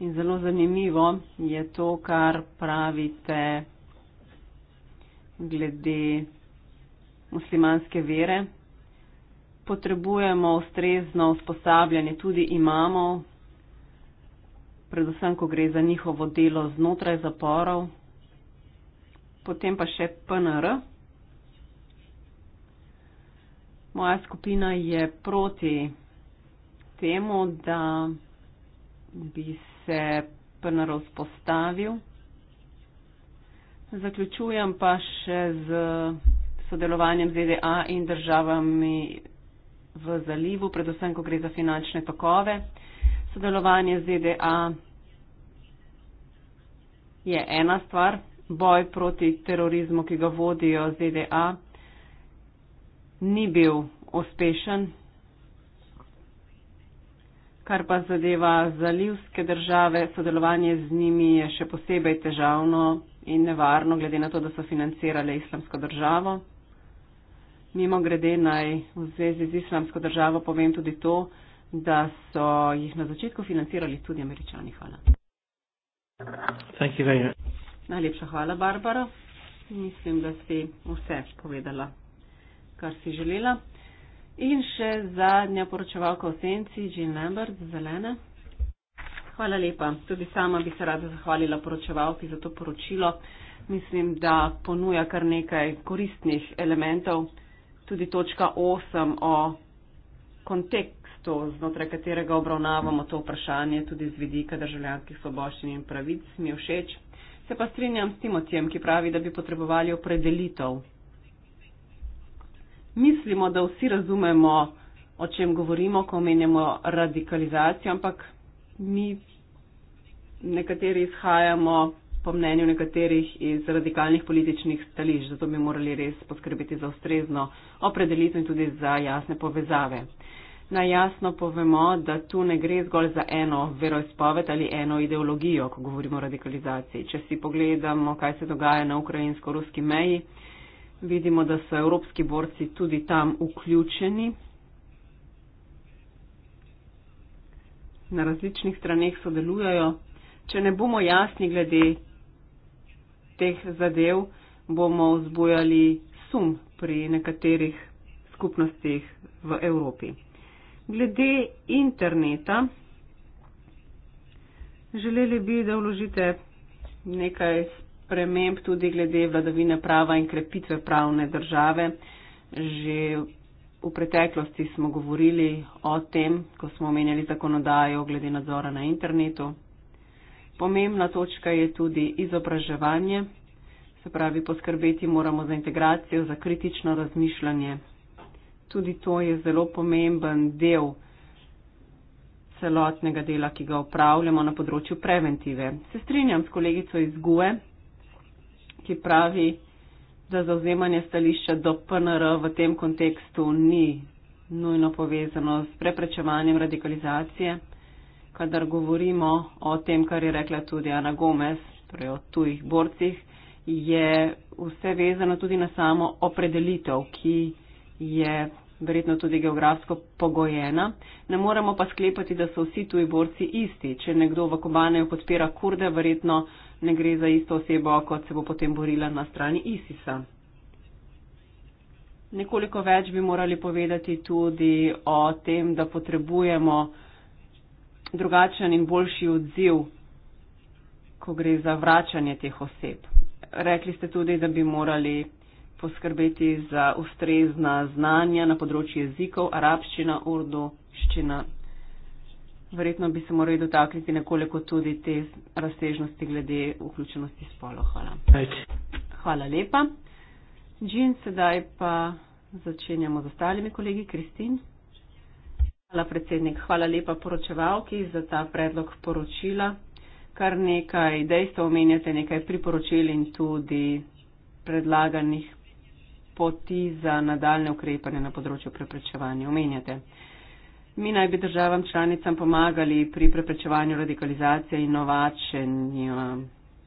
in zelo zanimivo je to, kar pravite glede muslimanske vere, potrebujemo ustrezno usposabljanje tudi imamov, predvsem, ko gre za njihovo delo znotraj zaporov, potem pa še PNR. Moja skupina je proti temu, da bi se PNR vzpostavil. Zaključujem pa še z sodelovanjem ZDA in državami v zalivu, predvsem, ko gre za finančne tokove. Sodelovanje z ZDA je ena stvar, boj proti terorizmu, ki ga vodijo ZDA, ni bil uspešen. Kar pa zadeva zalivske države, sodelovanje z njimi je še posebej težavno in nevarno, glede na to, da so financirale islamsko državo. Mimo grede naj v zvezi z islamsko državo povem tudi to, da so jih na začetku financirali tudi američani. Hvala. Najlepša hvala, Barbara. Mislim, da si vse povedala, kar si želela. In še zadnja poročevalka v senci, Jean Lambert, zelena. Hvala lepa. Tudi sama bi se rada zahvalila poročevalki za to poročilo. Mislim, da ponuja kar nekaj koristnih elementov tudi točka 8 o kontekstu, znotraj katerega obravnavamo to vprašanje tudi z vidika državljanskih soboščin in pravic, mi všeč. Se pa strinjam s Timotjem, ki pravi, da bi potrebovali opredelitev. Mislimo, da vsi razumemo, o čem govorimo, ko omenjamo radikalizacijo, ampak mi nekateri izhajamo po mnenju nekaterih iz radikalnih političnih stališč, zato bi morali res poskrbeti za ustrezno opredelitev in tudi za jasne povezave. Naj jasno povemo, da tu ne gre zgolj za eno veroizpoved ali eno ideologijo, ko govorimo o radikalizaciji. Če si pogledamo, kaj se dogaja na ukrajinsko-ruski meji, vidimo, da so evropski borci tudi tam vključeni. Na različnih straneh sodelujejo. Če ne bomo jasni glede teh zadev bomo vzbujali sum pri nekaterih skupnostih v Evropi. Glede interneta, želeli bi, da vložite nekaj sprememb tudi glede vladavine prava in krepitve pravne države. Že v preteklosti smo govorili o tem, ko smo omenjali zakonodajo glede nadzora na internetu, Pomembna točka je tudi izobraževanje, se pravi poskrbeti moramo za integracijo, za kritično razmišljanje. Tudi to je zelo pomemben del celotnega dela, ki ga upravljamo na področju preventive. Se strinjam s kolegico iz GUE, ki pravi, da zauzemanje stališča do PNR v tem kontekstu ni nujno povezano s preprečevanjem radikalizacije kadar govorimo o tem, kar je rekla tudi Ana Gomez, torej o tujih borcih, je vse vezano tudi na samo opredelitev, ki je verjetno tudi geografsko pogojena. Ne moremo pa sklepati, da so vsi tuji borci isti. Če nekdo v Kobaneju podpira kurde, verjetno ne gre za isto osebo, kot se bo potem borila na strani ISISA. Nekoliko več bi morali povedati tudi o tem, da potrebujemo drugačen in boljši odziv, ko gre za vračanje teh oseb. Rekli ste tudi, da bi morali poskrbeti za ustrezna znanja na področju jezikov, arabščina, urdoščina. Verjetno bi se morali dotakniti nekoliko tudi te razsežnosti glede vključenosti spolo. Hvala. Hvala lepa. Džin, sedaj pa začenjamo z ostalimi kolegi. Kristin. Hvala, predsednik. Hvala lepa poročevalki za ta predlog poročila. Kar nekaj dejstev omenjate, nekaj priporočil in tudi predlaganih poti za nadaljne ukrepanje na področju preprečevanja omenjate. Mi naj bi državam članicam pomagali pri preprečevanju radikalizacije in novačenja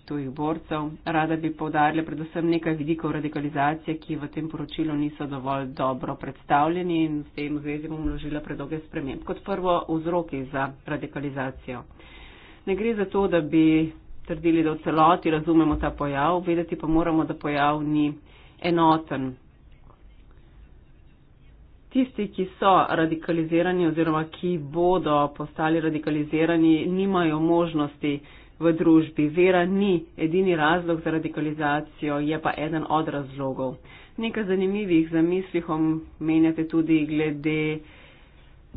tujih borcev. Rada bi povdarila predvsem nekaj vidikov radikalizacije, ki v tem poročilu niso dovolj dobro predstavljeni in s tem v zvezi bom vložila predloge sprememb. Kot prvo, vzroki za radikalizacijo. Ne gre za to, da bi trdili, da v celoti razumemo ta pojav, vedeti pa moramo, da pojav ni enoten. Tisti, ki so radikalizirani oziroma ki bodo postali radikalizirani, nimajo možnosti uh, v družbi. Vera ni edini razlog za radikalizacijo, je pa eden od razlogov. Nekaj zanimivih zamislih omenjate tudi glede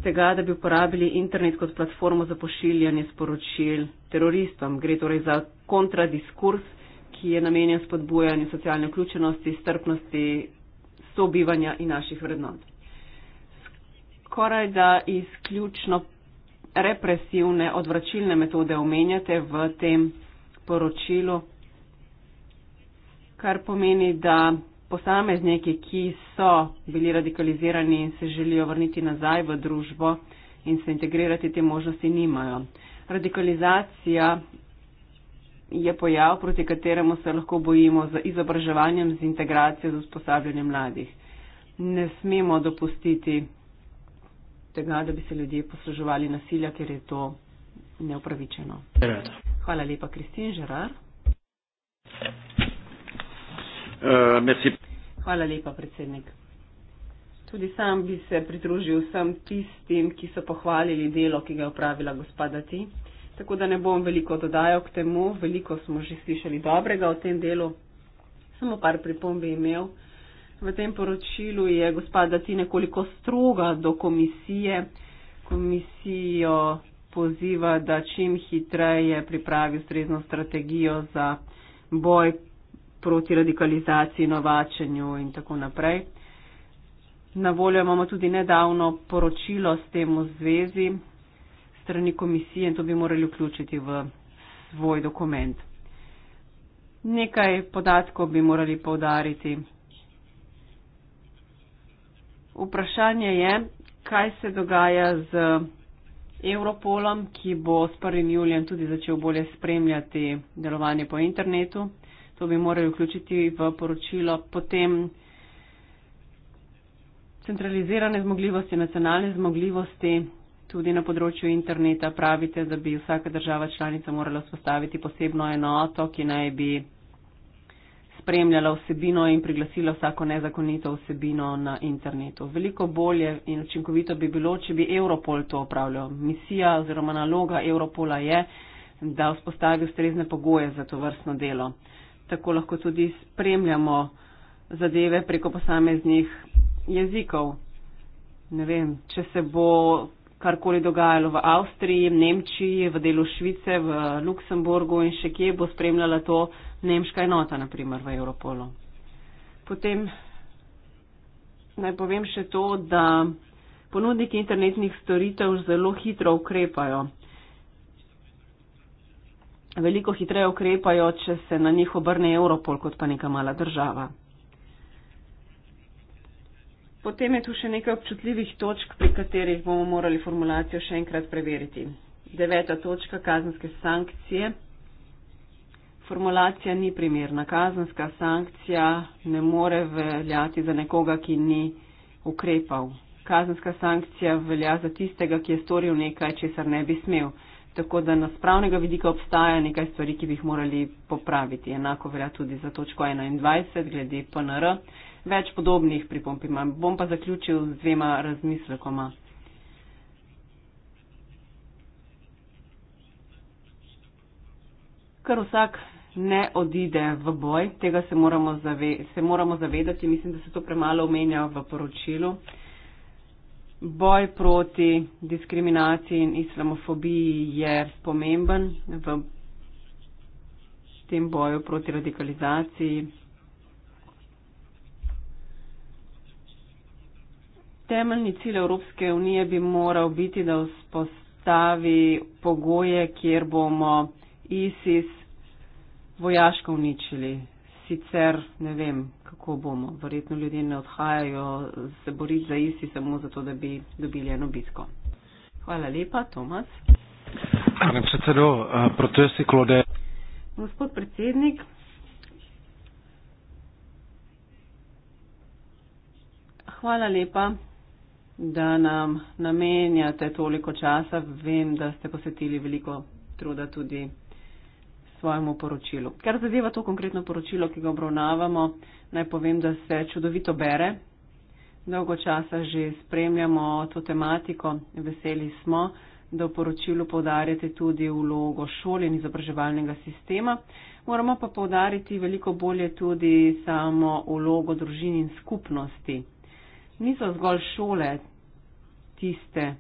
tega, da bi uporabili internet kot platformo za pošiljanje sporočil teroristom. Gre torej za kontradiskurs, ki je namenjen spodbujanju socialne vključenosti, strpnosti, sobivanja in naših vrednot. Skoraj da izključno represivne, odvračilne metode omenjate v tem poročilu, kar pomeni, da posamezniki, ki so bili radikalizirani in se želijo vrniti nazaj v družbo in se integrirati, te možnosti nimajo. Radikalizacija je pojav, proti kateremu se lahko bojimo z izobraževanjem, z integracijo, z usposabljanjem mladih. Ne smemo dopustiti tega, da bi se ljudje posluževali nasilja, ker je to neupravičeno. Hvala lepa, Kristin Žerar. Uh, eh, Hvala lepa, predsednik. Tudi sam bi se pridružil vsem tistim, ki so pohvalili delo, ki ga je upravila gospoda ti. Tako da ne bom veliko dodajal k temu, veliko smo že slišali dobrega o tem delu, samo par pripombi imel. V tem poročilu je gospoda ti nekoliko stroga do komisije. Komisijo poziva, da čim hitreje pripravi ustrezno strategijo za boj proti radikalizaciji, novačenju in tako naprej. Na voljo imamo tudi nedavno poročilo s tem v zvezi strani komisije in to bi morali vključiti v svoj dokument. Nekaj podatkov bi morali povdariti. Vprašanje je, kaj se dogaja z Europolom, ki bo s 1. julijem tudi začel bolje spremljati delovanje po internetu. To bi morali vključiti v poročilo. Potem centralizirane zmogljivosti, nacionalne zmogljivosti tudi na področju interneta. Pravite, da bi vsaka država članica morala spostaviti posebno enoto, ki naj bi spremljala vsebino in priglasila vsako nezakonito vsebino na internetu. Veliko bolje in učinkovito bi bilo, če bi Europol to opravljal. Misija oziroma naloga Europola je, da vzpostavi ustrezne pogoje za to vrstno delo. Tako lahko tudi spremljamo zadeve preko posameznih jezikov. Ne vem, če se bo karkoli dogajalo v Avstriji, Nemčiji, v delu Švice, v Luksemburgu in še kje bo spremljala to nemška enota, naprimer, v Europolu. Potem naj povem še to, da ponudniki internetnih storitev zelo hitro ukrepajo. Veliko hitreje ukrepajo, če se na njih obrne Europol kot pa neka mala država. Potem je tu še nekaj občutljivih točk, pri katerih bomo morali formulacijo še enkrat preveriti. Deveta točka, kazenske sankcije formulacija ni primerna. Kazenska sankcija ne more veljati za nekoga, ki ni ukrepal. Kazenska sankcija velja za tistega, ki je storil nekaj, česar ne bi smel. Tako da na spravnega vidika obstaja nekaj stvari, ki bi jih morali popraviti. Enako velja tudi za točko 21 glede PNR. Več podobnih pripomp imam. Bom pa zaključil z dvema razmislekoma. Kar vsak ne odide v boj, tega se moramo, zave, se moramo zavedati, mislim, da se to premalo omenja v poročilu. Boj proti diskriminaciji in islamofobiji je pomemben v tem boju proti radikalizaciji. Temeljni cilj Evropske unije bi moral biti, da vzpostavi pogoje, kjer bomo ISIS vojaško uničili. Sicer ne vem, kako bomo. Verjetno ljudje ne odhajajo se boriti za isti samo zato, da bi dobili eno bitko. Hvala lepa, Tomas. Pane predsedo, eh, protesti klode. Gospod predsednik, hvala lepa, da nam namenjate toliko časa. Vem, da ste posvetili veliko truda tudi svojemu poročilu. Kar zadeva to konkretno poročilo, ki ga obravnavamo, naj povem, da se čudovito bere. Dolgo časa že spremljamo to tematiko, veseli smo, da v poročilu povdarjate tudi vlogo šole in izobraževalnega sistema. Moramo pa povdariti veliko bolje tudi samo vlogo družin in skupnosti. Niso zgolj šole tiste,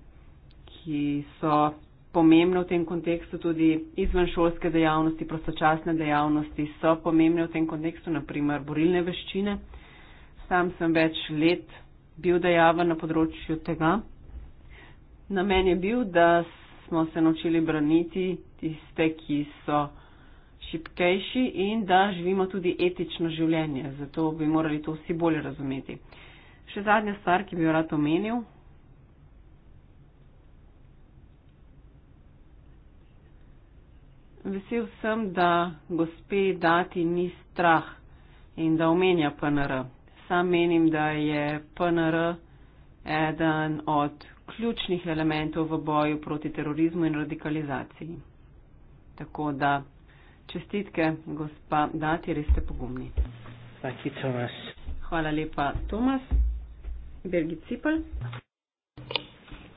ki so pomembne v tem kontekstu tudi izvenšolske dejavnosti, prostočasne dejavnosti so pomembne v tem kontekstu, naprimer borilne veščine. Sam sem več let bil dejaven na področju tega. Namen je bil, da smo se naučili braniti tiste, ki so šipkejši in da živimo tudi etično življenje. Zato bi morali to vsi bolje razumeti. Še zadnja stvar, ki bi jo rad omenil, vesel sem, da gospe dati ni strah in da omenja PNR. Sam menim, da je PNR eden od ključnih elementov v boju proti terorizmu in radikalizaciji. Tako da čestitke, gospa Dati, res ste pogumni. Hvala lepa, Tomas. Birgit Cipel.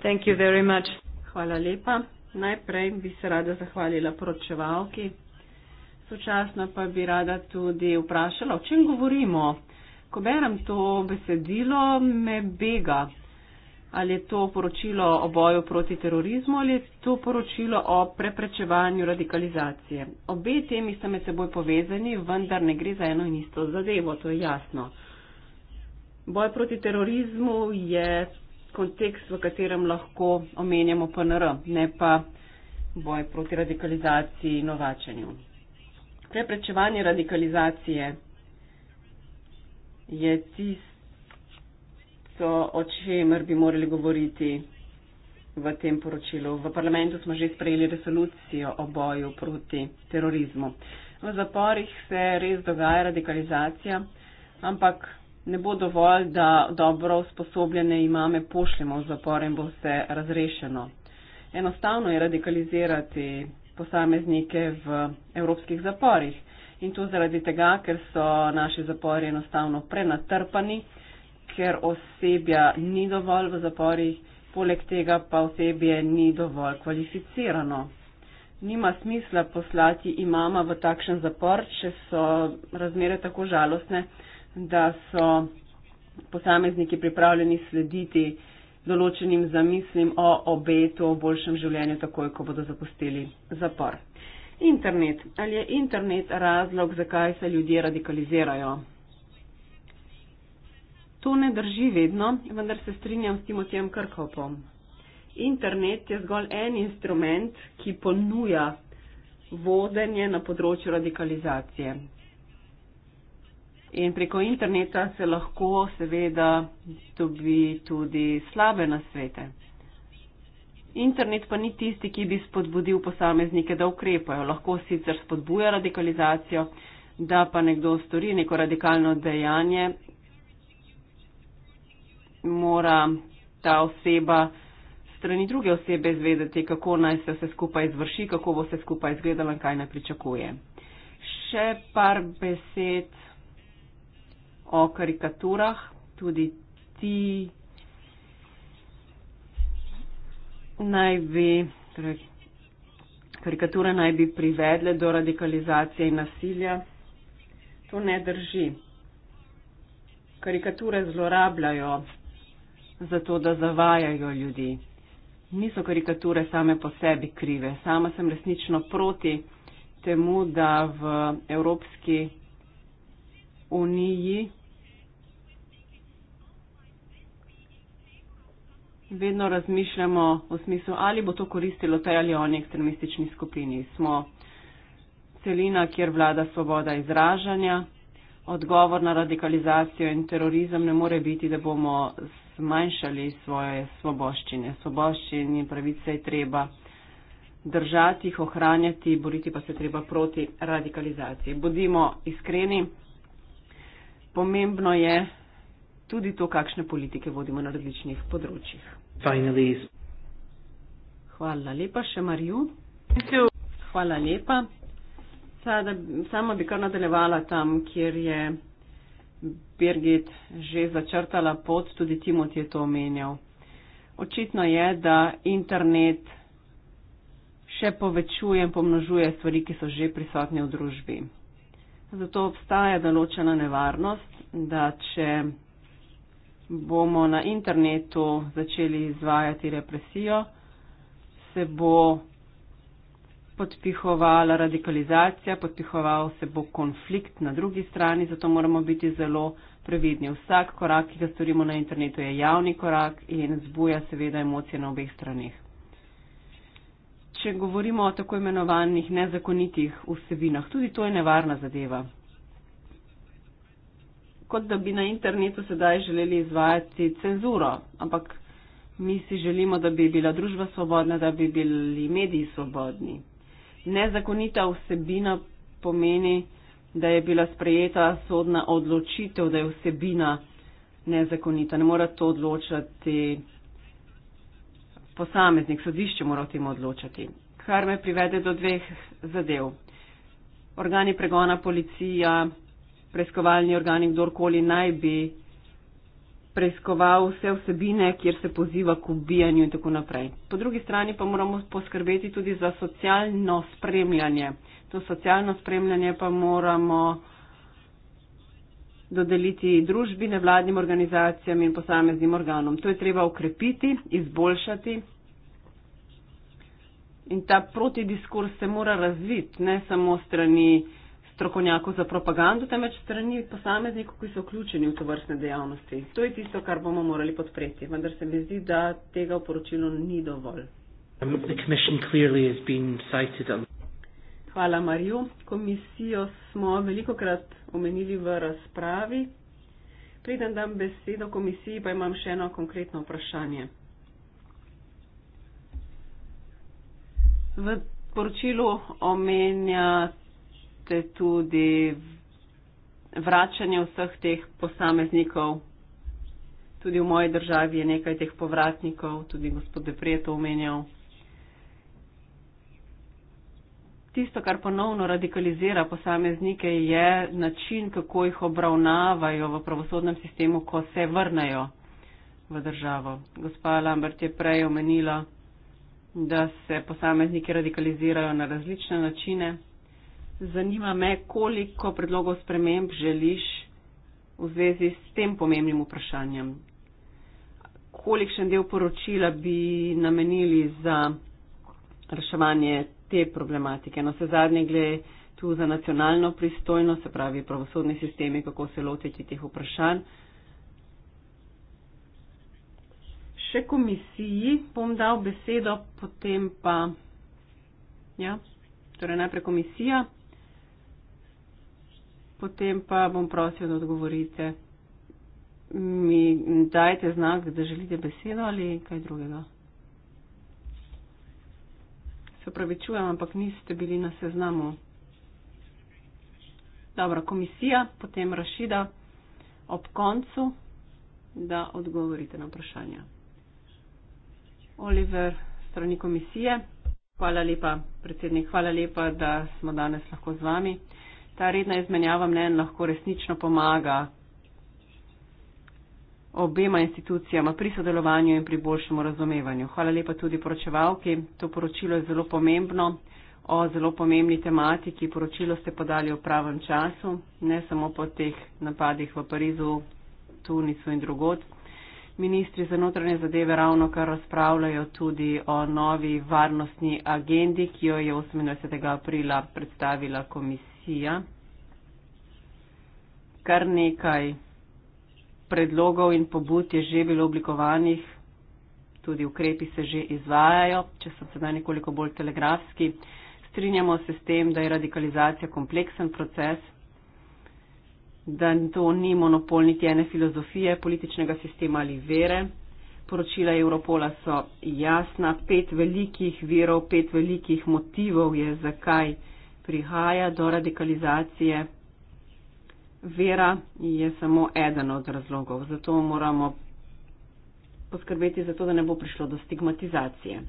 Thank you very much. Hvala lepa. Najprej bi se rada zahvalila poročevalki, sočasno pa bi rada tudi vprašala, o čem govorimo. Ko berem to besedilo, me bega. Ali je to poročilo o boju proti terorizmu ali je to poročilo o preprečevanju radikalizacije? Obe temi sta med seboj povezani, vendar ne gre za eno in isto zadevo, to je jasno. Boj proti terorizmu je kontekst, v katerem lahko omenjamo PNR, ne pa boj proti radikalizaciji in novačenju. Preprečevanje radikalizacije je tisto, o čemer bi morali govoriti v tem poročilu. V parlamentu smo že sprejeli resolucijo o boju proti terorizmu. V zaporih se res dogaja radikalizacija, ampak ne bo dovolj, da dobro usposobljene imame pošljemo v zapor in bo vse razrešeno. Enostavno je radikalizirati posameznike v evropskih zaporih in to zaradi tega, ker so naši zapori enostavno prenatrpani, ker osebja ni dovolj v zaporih, poleg tega pa osebje ni dovolj kvalificirano. Nima smisla poslati imama v takšen zapor, če so razmere tako žalostne, da so posamezniki pripravljeni slediti določenim zamislim o obetu, o boljšem življenju, takoj, ko bodo zapustili zapor. Internet. Ali je internet razlog, zakaj se ljudje radikalizirajo? To ne drži vedno, vendar se strinjam s tim o tem krkopom. Internet je zgolj en instrument, ki ponuja vodenje na področju radikalizacije. In preko interneta se lahko seveda dobi tudi slabe nasvete. Internet pa ni tisti, ki bi spodbudil posameznike, da ukrepajo. Lahko sicer spodbuja radikalizacijo, da pa nekdo stori neko radikalno dejanje, mora ta oseba strani druge osebe izvedeti, kako naj se vse skupaj izvrši, kako bo vse skupaj izgledalo in kaj naj pričakuje. Še par besed o karikaturah, tudi ti naj bi, torej, karikature naj bi privedle do radikalizacije in nasilja. To ne drži. Karikature zlorabljajo zato, da zavajajo ljudi. Niso karikature same po sebi krive. Sama sem resnično proti temu, da v evropski uniji, vedno razmišljamo v smislu, ali bo to koristilo tej ali oni ekstremistični skupini. Smo celina, kjer vlada svoboda izražanja. Odgovor na radikalizacijo in terorizem ne more biti, da bomo zmanjšali svoje svoboščine. Svoboščin in pravice je treba držati, jih ohranjati, boriti pa se treba proti radikalizaciji. Bodimo iskreni pomembno je tudi to, kakšne politike vodimo na različnih področjih. Hvala lepa še Marju. Hvala lepa. Sada, sama bi kar nadaljevala tam, kjer je Birgit že začrtala pot, tudi Timot je to omenjal. Očitno je, da internet še povečuje in pomnožuje stvari, ki so že prisotne v družbi. Zato obstaja določena nevarnost, da če bomo na internetu začeli izvajati represijo, se bo podpihovala radikalizacija, podpihoval se bo konflikt na drugi strani, zato moramo biti zelo previdni. Vsak korak, ki ga storimo na internetu, je javni korak in zbuja seveda emocije na obeh stranih če govorimo o tako imenovanih nezakonitih vsebinah. Tudi to je nevarna zadeva. Kot da bi na internetu sedaj želeli izvajati cenzuro, ampak mi si želimo, da bi bila družba svobodna, da bi bili mediji svobodni. Nezakonita vsebina pomeni, da je bila sprejeta sodna odločitev, da je vsebina nezakonita. Ne mora to odločati posameznik, sodišče mora o tem odločati. Kar me privede do dveh zadev. Organi pregona, policija, preiskovalni organi, kdorkoli naj bi preiskoval vse vsebine, kjer se poziva k ubijanju in tako naprej. Po drugi strani pa moramo poskrbeti tudi za socialno spremljanje. To socialno spremljanje pa moramo dodeliti družbi, nevladnim organizacijam in posameznim organom. To je treba ukrepiti, izboljšati. In ta protidiskurs se mora razviti ne samo strani strokovnjakov za propagando, temveč strani posameznikov, ki so vključeni v to vrstne dejavnosti. To je tisto, kar bomo morali podpreti. Vendar se mi zdi, da tega v poročilu ni dovolj. Hvala, Marju. Komisijo smo veliko krat omenili v razpravi. Preden dam besedo komisiji, pa imam še eno konkretno vprašanje. V poročilu omenjate tudi vračanje vseh teh posameznikov. Tudi v moji državi je nekaj teh povratnikov, tudi gospod Depreto omenjal. tisto, kar ponovno radikalizira posameznike, je način, kako jih obravnavajo v pravosodnem sistemu, ko se vrnejo v državo. Gospa Lambert je prej omenila, da se posamezniki radikalizirajo na različne načine. Zanima me, koliko predlogov sprememb želiš v zvezi s tem pomembnim vprašanjem. Kolikšen del poročila bi namenili za reševanje te problematike. No, se zadnje gre tu za nacionalno pristojnost, se pravi pravosodni sistemi, kako se lotiti teh vprašanj. Še komisiji bom dal besedo, potem pa. Ja, torej najprej komisija, potem pa bom prosil, da odgovorite. Mi dajte znak, da želite besedo ali kaj drugega. Se pravi, čujem, ampak niste bili na seznamu. Dobro, komisija, potem Rašida ob koncu, da odgovorite na vprašanja. Oliver, strani komisije, hvala lepa, predsednik, hvala lepa, da smo danes lahko z vami. Ta redna izmenjava mnen lahko resnično pomaga obema institucijama pri sodelovanju in pri boljšemu razumevanju. Hvala lepa tudi poročevalki. To poročilo je zelo pomembno o zelo pomembni tematiki. Poročilo ste podali v pravem času, ne samo po teh napadih v Parizu, Tunisu in drugod. Ministri za notranje zadeve ravno kar razpravljajo tudi o novi varnostni agendi, ki jo je 28. aprila predstavila komisija. Kar nekaj predlogov in pobud je že bilo oblikovanih, tudi ukrepi se že izvajajo, če so sedaj nekoliko bolj telegrafski. Strinjamo se s tem, da je radikalizacija kompleksen proces, da to ni monopol niti ene filozofije, političnega sistema ali vere. Poročila Europola so jasna, pet velikih virov, pet velikih motivov je, zakaj prihaja do radikalizacije vera je samo eden od razlogov. Zato moramo poskrbeti za to, da ne bo prišlo do stigmatizacije.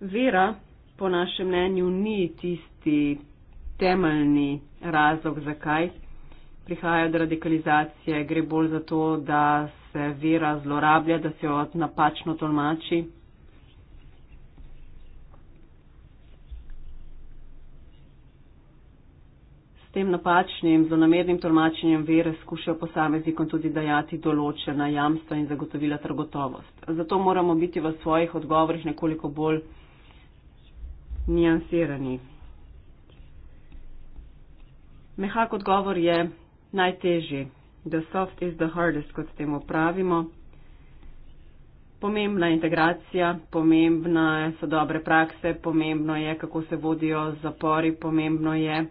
Vera, po našem mnenju, ni tisti temeljni razlog, zakaj prihaja do radikalizacije. Gre bolj za to, da se vera zlorablja, da se jo napačno tolmači. tem napačnim, zlonamernim tolmačenjem vere skušajo posameznikom tudi dajati določena jamstva in zagotovila trgotovost. Zato moramo biti v svojih odgovorih nekoliko bolj nijansirani. Mehak odgovor je najtežji. The soft is the hardest, kot temu pravimo. Pomembna je integracija, pomembna so dobre prakse, pomembno je, kako se vodijo zapori, pomembno je,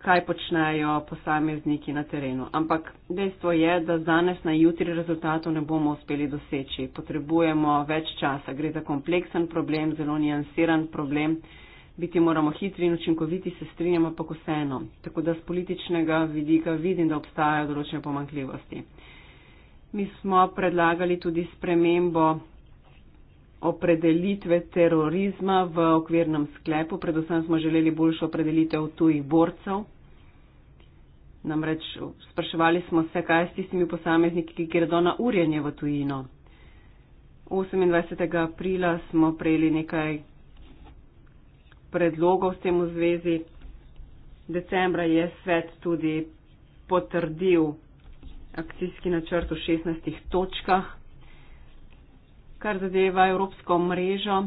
kaj počnejo posamezniki na terenu. Ampak dejstvo je, da danes na jutri rezultatov ne bomo uspeli doseči. Potrebujemo več časa. Gre za kompleksen problem, zelo nijansiran problem. Biti moramo hitri in učinkoviti, se strinjamo pa vseeno. Tako da z političnega vidika vidim, da obstajajo določene pomankljivosti. Mi smo predlagali tudi spremembo opredelitve terorizma v okvirnem sklepu. Predvsem smo želeli boljšo opredelitev tujih borcev. Namreč spraševali smo se, kaj je s tistimi posamezniki, ki gredo na urjenje v tujino. 28. aprila smo prejeli nekaj predlogov s tem v zvezi. Decembra je svet tudi potrdil akcijski načrt v 16 točkah kar zadeva evropsko mrežo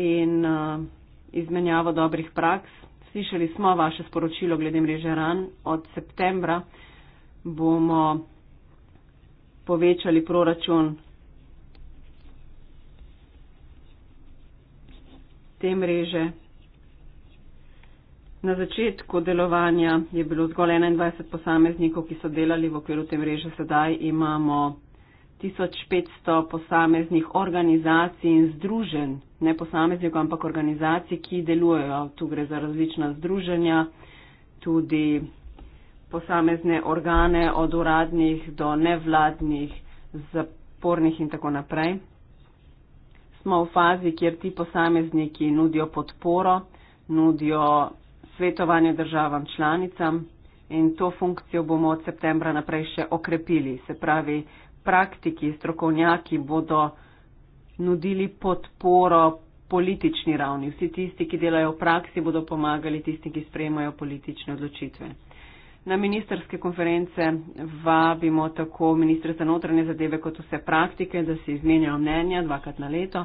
in uh, izmenjavo dobrih praks. Slišali smo vaše sporočilo glede mreže RAN. Od septembra bomo povečali proračun te mreže. Na začetku delovanja je bilo zgolj 21 posameznikov, ki so delali v okviru te mreže. Sedaj imamo 1500 posameznih organizacij in združenj, ne posameznikov, ampak organizacij, ki delujejo. Tu gre za različna združenja, tudi posamezne organe, od uradnih do nevladnih, zapornih in tako naprej. Smo v fazi, kjer ti posamezniki nudijo podporo, nudijo svetovanje državam članicam. In to funkcijo bomo od septembra naprej še okrepili. Se pravi, praktiki, strokovnjaki bodo nudili podporo politični ravni. Vsi tisti, ki delajo v praksi, bodo pomagali tistim, ki sprejemajo politične odločitve. Na ministerske konference vabimo tako ministre za notranje zadeve kot vse praktike, da se izmenjajo mnenja dvakrat na leto.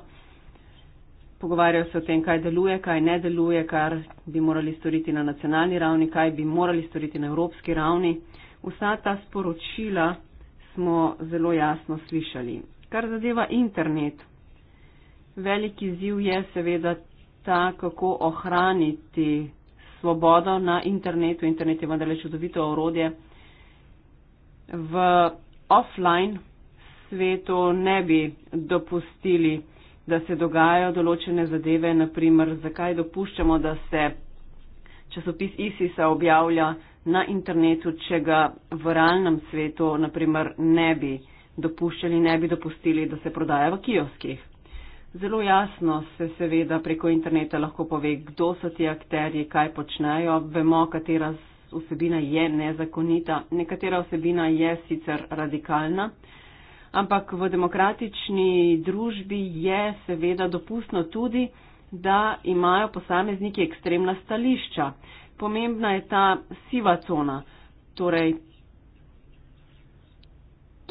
Pogovarjajo se o tem, kaj deluje, kaj ne deluje, kar bi morali storiti na nacionalni ravni, kaj bi morali storiti na evropski ravni. Vsa ta sporočila smo zelo jasno slišali. Kar zadeva internet, veliki ziv je seveda ta, kako ohraniti svobodo na internetu. Internet je vendarle čudovito orodje. V offline svetu ne bi dopustili, da se dogajajo določene zadeve, naprimer, zakaj dopuščamo, da se časopis ISIS objavlja na internetu, če ga v realnem svetu naprimer, ne bi dopuščali, ne bi dopustili, da se prodaja v kioskih. Zelo jasno se seveda preko interneta lahko pove, kdo so ti akteri, kaj počnejo, vemo, katera vsebina je nezakonita, nekatera vsebina je sicer radikalna, ampak v demokratični družbi je seveda dopustno tudi, da imajo posamezniki ekstremna stališča pomembna je ta siva cona. Torej,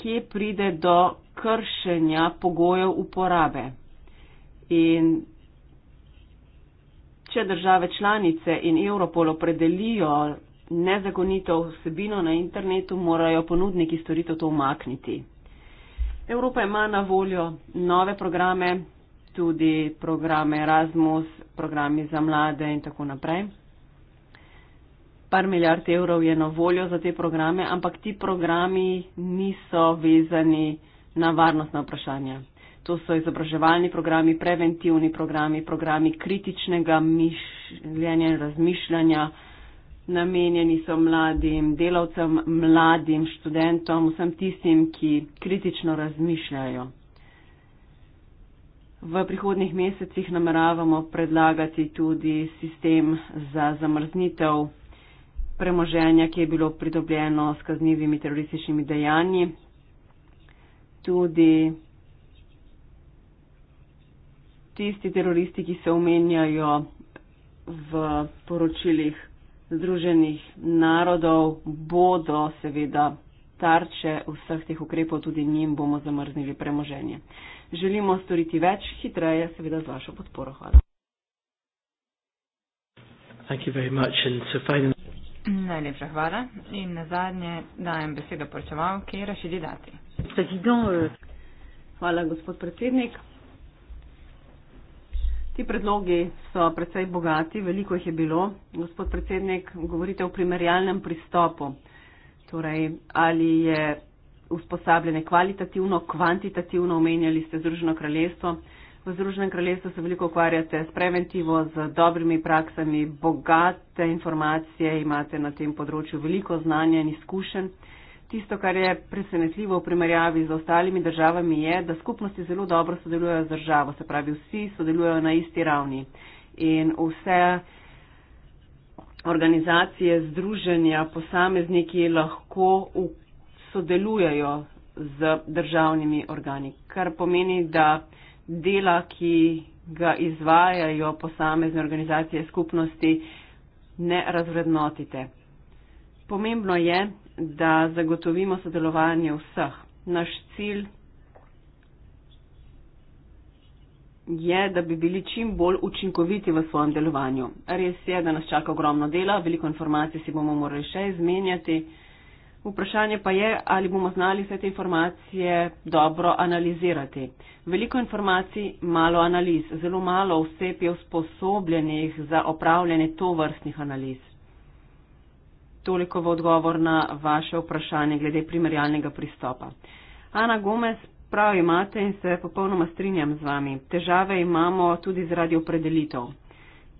kje pride do kršenja pogojev uporabe. In če države članice in Europol opredelijo nezakonito vsebino na internetu, morajo ponudniki storitev to umakniti. Evropa ima na voljo nove programe, tudi programe Erasmus, programi za mlade in tako naprej par milijard evrov je na voljo za te programe, ampak ti programi niso vezani na varnostna vprašanja. To so izobraževalni programi, preventivni programi, programi kritičnega mišljenja in razmišljanja, namenjeni so mladim delavcem, mladim študentom, vsem tistim, ki kritično razmišljajo. V prihodnih mesecih nameravamo predlagati tudi sistem za zamrznitev premoženja, ki je bilo pridobljeno s kaznjivimi terorističnimi dejanji, tudi tisti teroristi, ki se omenjajo v poročilih Združenih narodov, bodo seveda tarče vseh teh ukrepov, tudi njim bomo zamrznili premoženje. Želimo storiti več, hitreje, seveda z vašo podporo. Hvala. Thank you very much and to find Najlepša hvala. In na zadnje dajem besedo poročevalki Rašidi Dati. Eh, hvala, gospod predsednik. Ti predlogi so predvsej bogati, veliko jih je bilo. Gospod predsednik, govorite o primerjalnem pristopu. Torej, ali je usposabljanje kvalitativno, kvantitativno, omenjali ste Združeno kraljestvo. V Združenem kraljestvu se veliko ukvarjate s preventivo, z dobrimi praksami, bogate informacije imate na tem področju, veliko znanja in izkušenj. Tisto, kar je presenetljivo v primerjavi z ostalimi državami, je, da skupnosti zelo dobro sodelujejo z državo, se pravi, vsi sodelujejo na isti ravni. In vse organizacije, združenja, posamezniki lahko sodelujejo z državnimi organi, kar pomeni, da dela, ki ga izvajajo posamezne organizacije, skupnosti, ne razrednotite. Pomembno je, da zagotovimo sodelovanje vseh. Naš cilj je, da bi bili čim bolj učinkoviti v svojem delovanju. Res je, da nas čaka ogromno dela, veliko informacij si bomo morali še izmenjati. Vprašanje pa je, ali bomo znali vse te informacije dobro analizirati. Veliko informacij, malo analiz, zelo malo vseb je usposobljenih za opravljanje to vrstnih analiz. Toliko v odgovor na vaše vprašanje glede primerjalnega pristopa. Ana Gomez, prav imate in se popolnoma strinjam z vami. Težave imamo tudi zaradi opredelitev.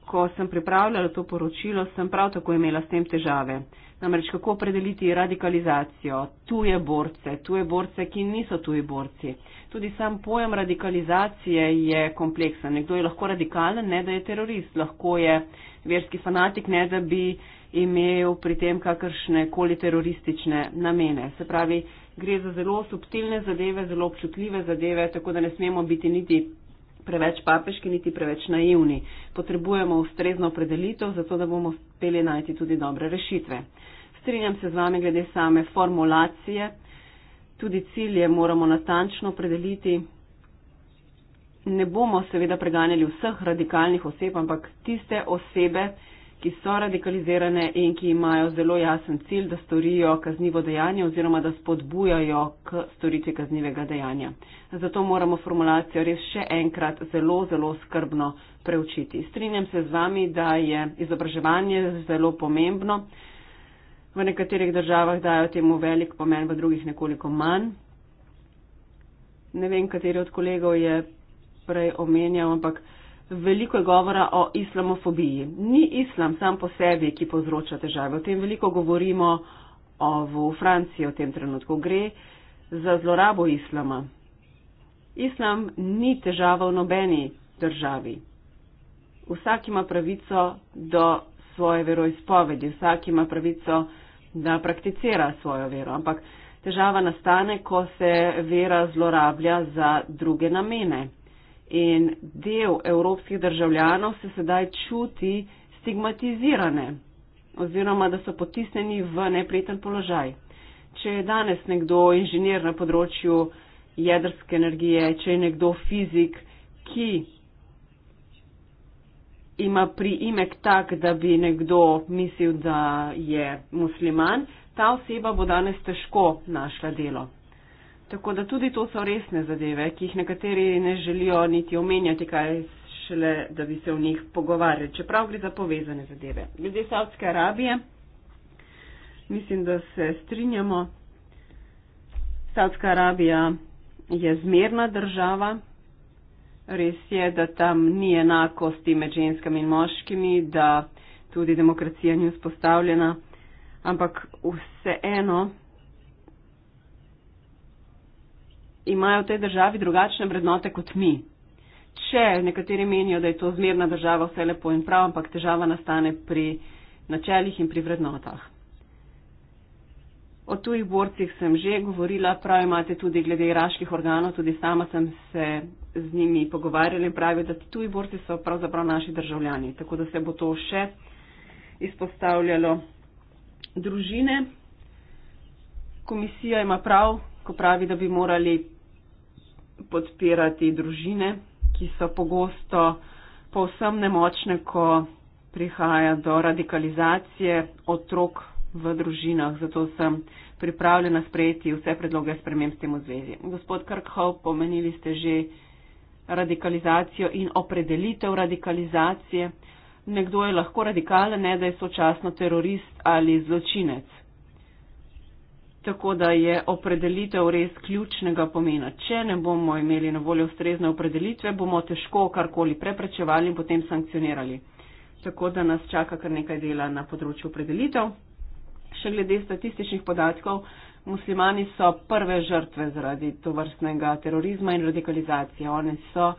Ko sem pripravljala to poročilo, sem prav tako imela s tem težave. Namreč kako predeliti radikalizacijo, tuje borce, tuje borce, ki niso tuji borci. Tudi sam pojem radikalizacije je kompleksen. Nekdo je lahko radikalen, ne da je terorist, lahko je verski fanatik, ne da bi imel pri tem kakršne koli teroristične namene. Se pravi, gre za zelo subtilne zadeve, zelo občutljive zadeve, tako da ne smemo biti niti preveč papeški, niti preveč naivni. Potrebujemo ustrezno opredelitev, zato da bomo uspeli najti tudi dobre rešitve. Strinjam se z vami glede same formulacije. Tudi cilje moramo natančno opredeliti. Ne bomo seveda preganjali vseh radikalnih oseb, ampak tiste osebe, ki so radikalizirane in ki imajo zelo jasen cilj, da storijo kaznivo dejanje oziroma da spodbujajo k storitvi kaznivega dejanja. Zato moramo formulacijo res še enkrat zelo, zelo skrbno preučiti. Strinjam se z vami, da je izobraževanje zelo pomembno. V nekaterih državah dajo temu velik pomen, v drugih nekoliko manj. Ne vem, kateri od kolegov je prej omenjal, ampak veliko je govora o islamofobiji. Ni islam sam po sebi, ki povzroča težave. O tem veliko govorimo o, v Franciji v tem trenutku. Gre za zlorabo islama. Islam ni težava v nobeni državi. Vsak ima pravico do svoje veroizpovedi, vsak ima pravico, da prakticira svojo vero. Ampak težava nastane, ko se vera zlorablja za druge namene in del evropskih državljanov se sedaj čuti stigmatizirane oziroma da so potisneni v neprijeten položaj. Če je danes nekdo inženir na področju jedrske energije, če je nekdo fizik, ki ima priimek tak, da bi nekdo mislil, da je musliman, ta oseba bo danes težko našla delo. Tako da tudi to so resne zadeve, ki jih nekateri ne želijo niti omenjati, kaj šele, da bi se v njih pogovarjali, čeprav gre za povezane zadeve. Glede Saudske Arabije, mislim, da se strinjamo. Saudska Arabija je zmerna država. Res je, da tam ni enakosti med ženskami in moškimi, da tudi demokracija ni vzpostavljena, ampak vseeno. eno. imajo v tej državi drugačne vrednote kot mi. Če nekateri menijo, da je to zmerna država, vse lepo in prav, ampak težava nastane pri načeljih in pri vrednotah. O tujih borcih sem že govorila, prav imate tudi glede iraških organov, tudi sama sem se z njimi pogovarjala in pravijo, da tuji borci so pravzaprav naši državljani, tako da se bo to še izpostavljalo. Družine, komisija ima prav, ko pravi, da bi morali podpirati družine, ki so pogosto povsem nemočne, ko prihaja do radikalizacije otrok v družinah. Zato sem pripravljena sprejeti vse predloge sprememb s tem v zvezi. Gospod Krkhov, pomenili ste že radikalizacijo in opredelitev radikalizacije. Nekdo je lahko radikalen, ne da je sočasno terorist ali zločinec tako da je opredelitev res ključnega pomena. Če ne bomo imeli na voljo ustrezne opredelitve, bomo težko karkoli preprečevali in potem sankcionirali. Tako da nas čaka kar nekaj dela na področju opredelitev. Še glede statističnih podatkov, muslimani so prve žrtve zaradi tovrstnega terorizma in radikalizacije. Oni so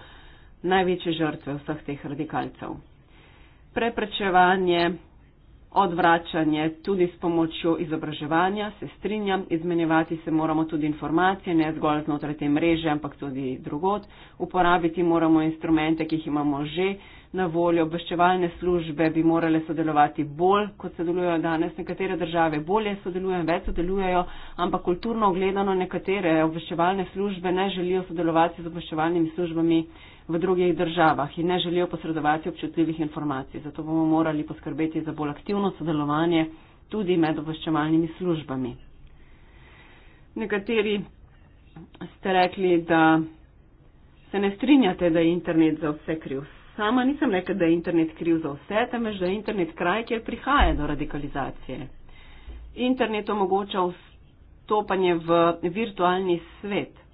največje žrtve vseh teh radikalcev. Preprečevanje odvračanje tudi s pomočjo izobraževanja, se strinjam, izmenjevati se moramo tudi informacije, ne zgolj znotraj te mreže, ampak tudi drugot. Uporabiti moramo instrumente, ki jih imamo že na voljo. Obveščevalne službe bi morale sodelovati bolj, kot sodelujejo danes. Nekatere države bolje sodelujejo, več sodelujejo, ampak kulturno gledano nekatere obveščevalne službe ne želijo sodelovati z obveščevalnimi službami v drugih državah in ne želijo posredovati občutljivih informacij. Zato bomo morali poskrbeti za bolj aktivno sodelovanje tudi med obveščevalnimi službami. Nekateri ste rekli, da se ne strinjate, da je internet za vse kriv. Sama nisem rekla, da je internet kriv za vse, temveč da je internet kraj, kjer prihaja do radikalizacije. Internet omogoča vstopanje v virtualni svet.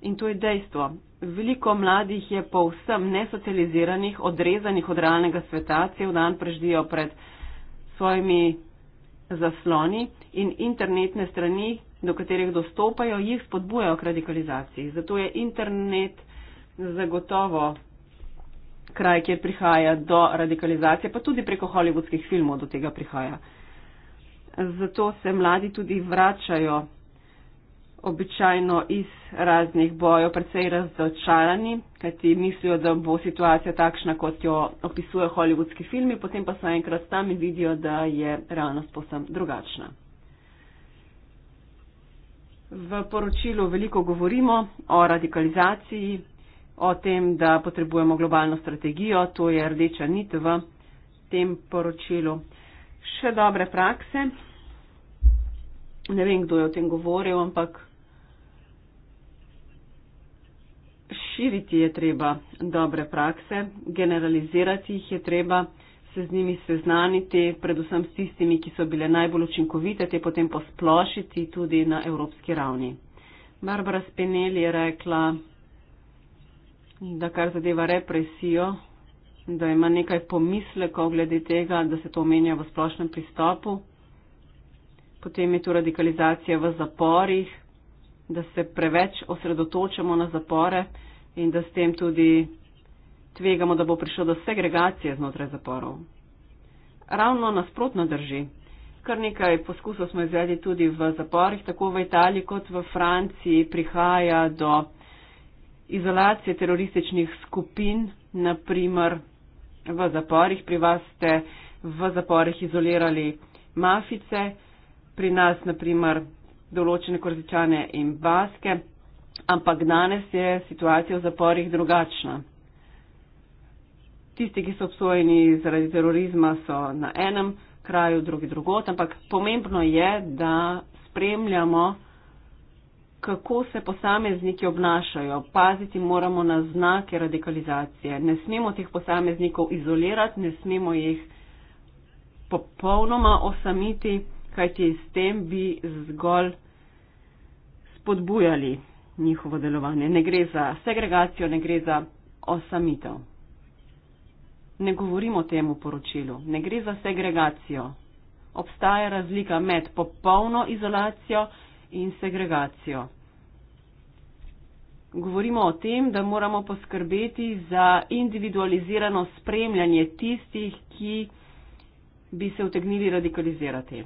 In to je dejstvo. Veliko mladih je povsem nesocializiranih, odrezanih od realnega sveta, cel dan preždijo pred svojimi zasloni in internetne strani, do katerih dostopajo, jih spodbujajo k radikalizaciji. Zato je internet zagotovo kraj, kjer prihaja do radikalizacije, pa tudi preko hollywoodskih filmov do tega prihaja. Zato se mladi tudi vračajo običajno iz raznih bojev precej razočarani, kajti mislijo, da bo situacija takšna, kot jo opisuje hollywoodski filmi, potem pa so enkrat tam in vidijo, da je realnost posem drugačna. V poročilu veliko govorimo o radikalizaciji, o tem, da potrebujemo globalno strategijo, to je rdeča nit v tem poročilu. Še dobre prakse. Ne vem, kdo je o tem govoril, ampak širiti je treba dobre prakse, generalizirati jih je treba, se z njimi seznaniti, predvsem s tistimi, ki so bile najbolj učinkovite, te potem posplošiti tudi na evropski ravni. Barbara Spinelli je rekla, da kar zadeva represijo, da ima nekaj pomislekov glede tega, da se to omenja v splošnem pristopu. Potem je tu radikalizacija v zaporih, da se preveč osredotočamo na zapore in da s tem tudi tvegamo, da bo prišlo do segregacije znotraj zaporov. Ravno nasprotno drži. Kar nekaj poskusov smo izvedli tudi v zaporih, tako v Italiji kot v Franciji, prihaja do izolacije terorističnih skupin, naprimer v zaporih. Pri vas ste v zaporih izolirali mafice, pri nas naprimer določene korzičane in baske ampak danes je situacija v zaporih drugačna. Tisti, ki so obsojeni zaradi terorizma, so na enem kraju, drugi drugot, ampak pomembno je, da spremljamo, kako se posamezniki obnašajo. Paziti moramo na znake radikalizacije. Ne smemo teh posameznikov izolirati, ne smemo jih popolnoma osamiti, kajti s tem bi zgolj spodbujali njihovo delovanje. Ne gre za segregacijo, ne gre za osamitev. Ne govorimo o tem v poročilu. Ne gre za segregacijo. Obstaja razlika med popolno izolacijo in segregacijo. Govorimo o tem, da moramo poskrbeti za individualizirano spremljanje tistih, ki bi se utegnili radikalizirati.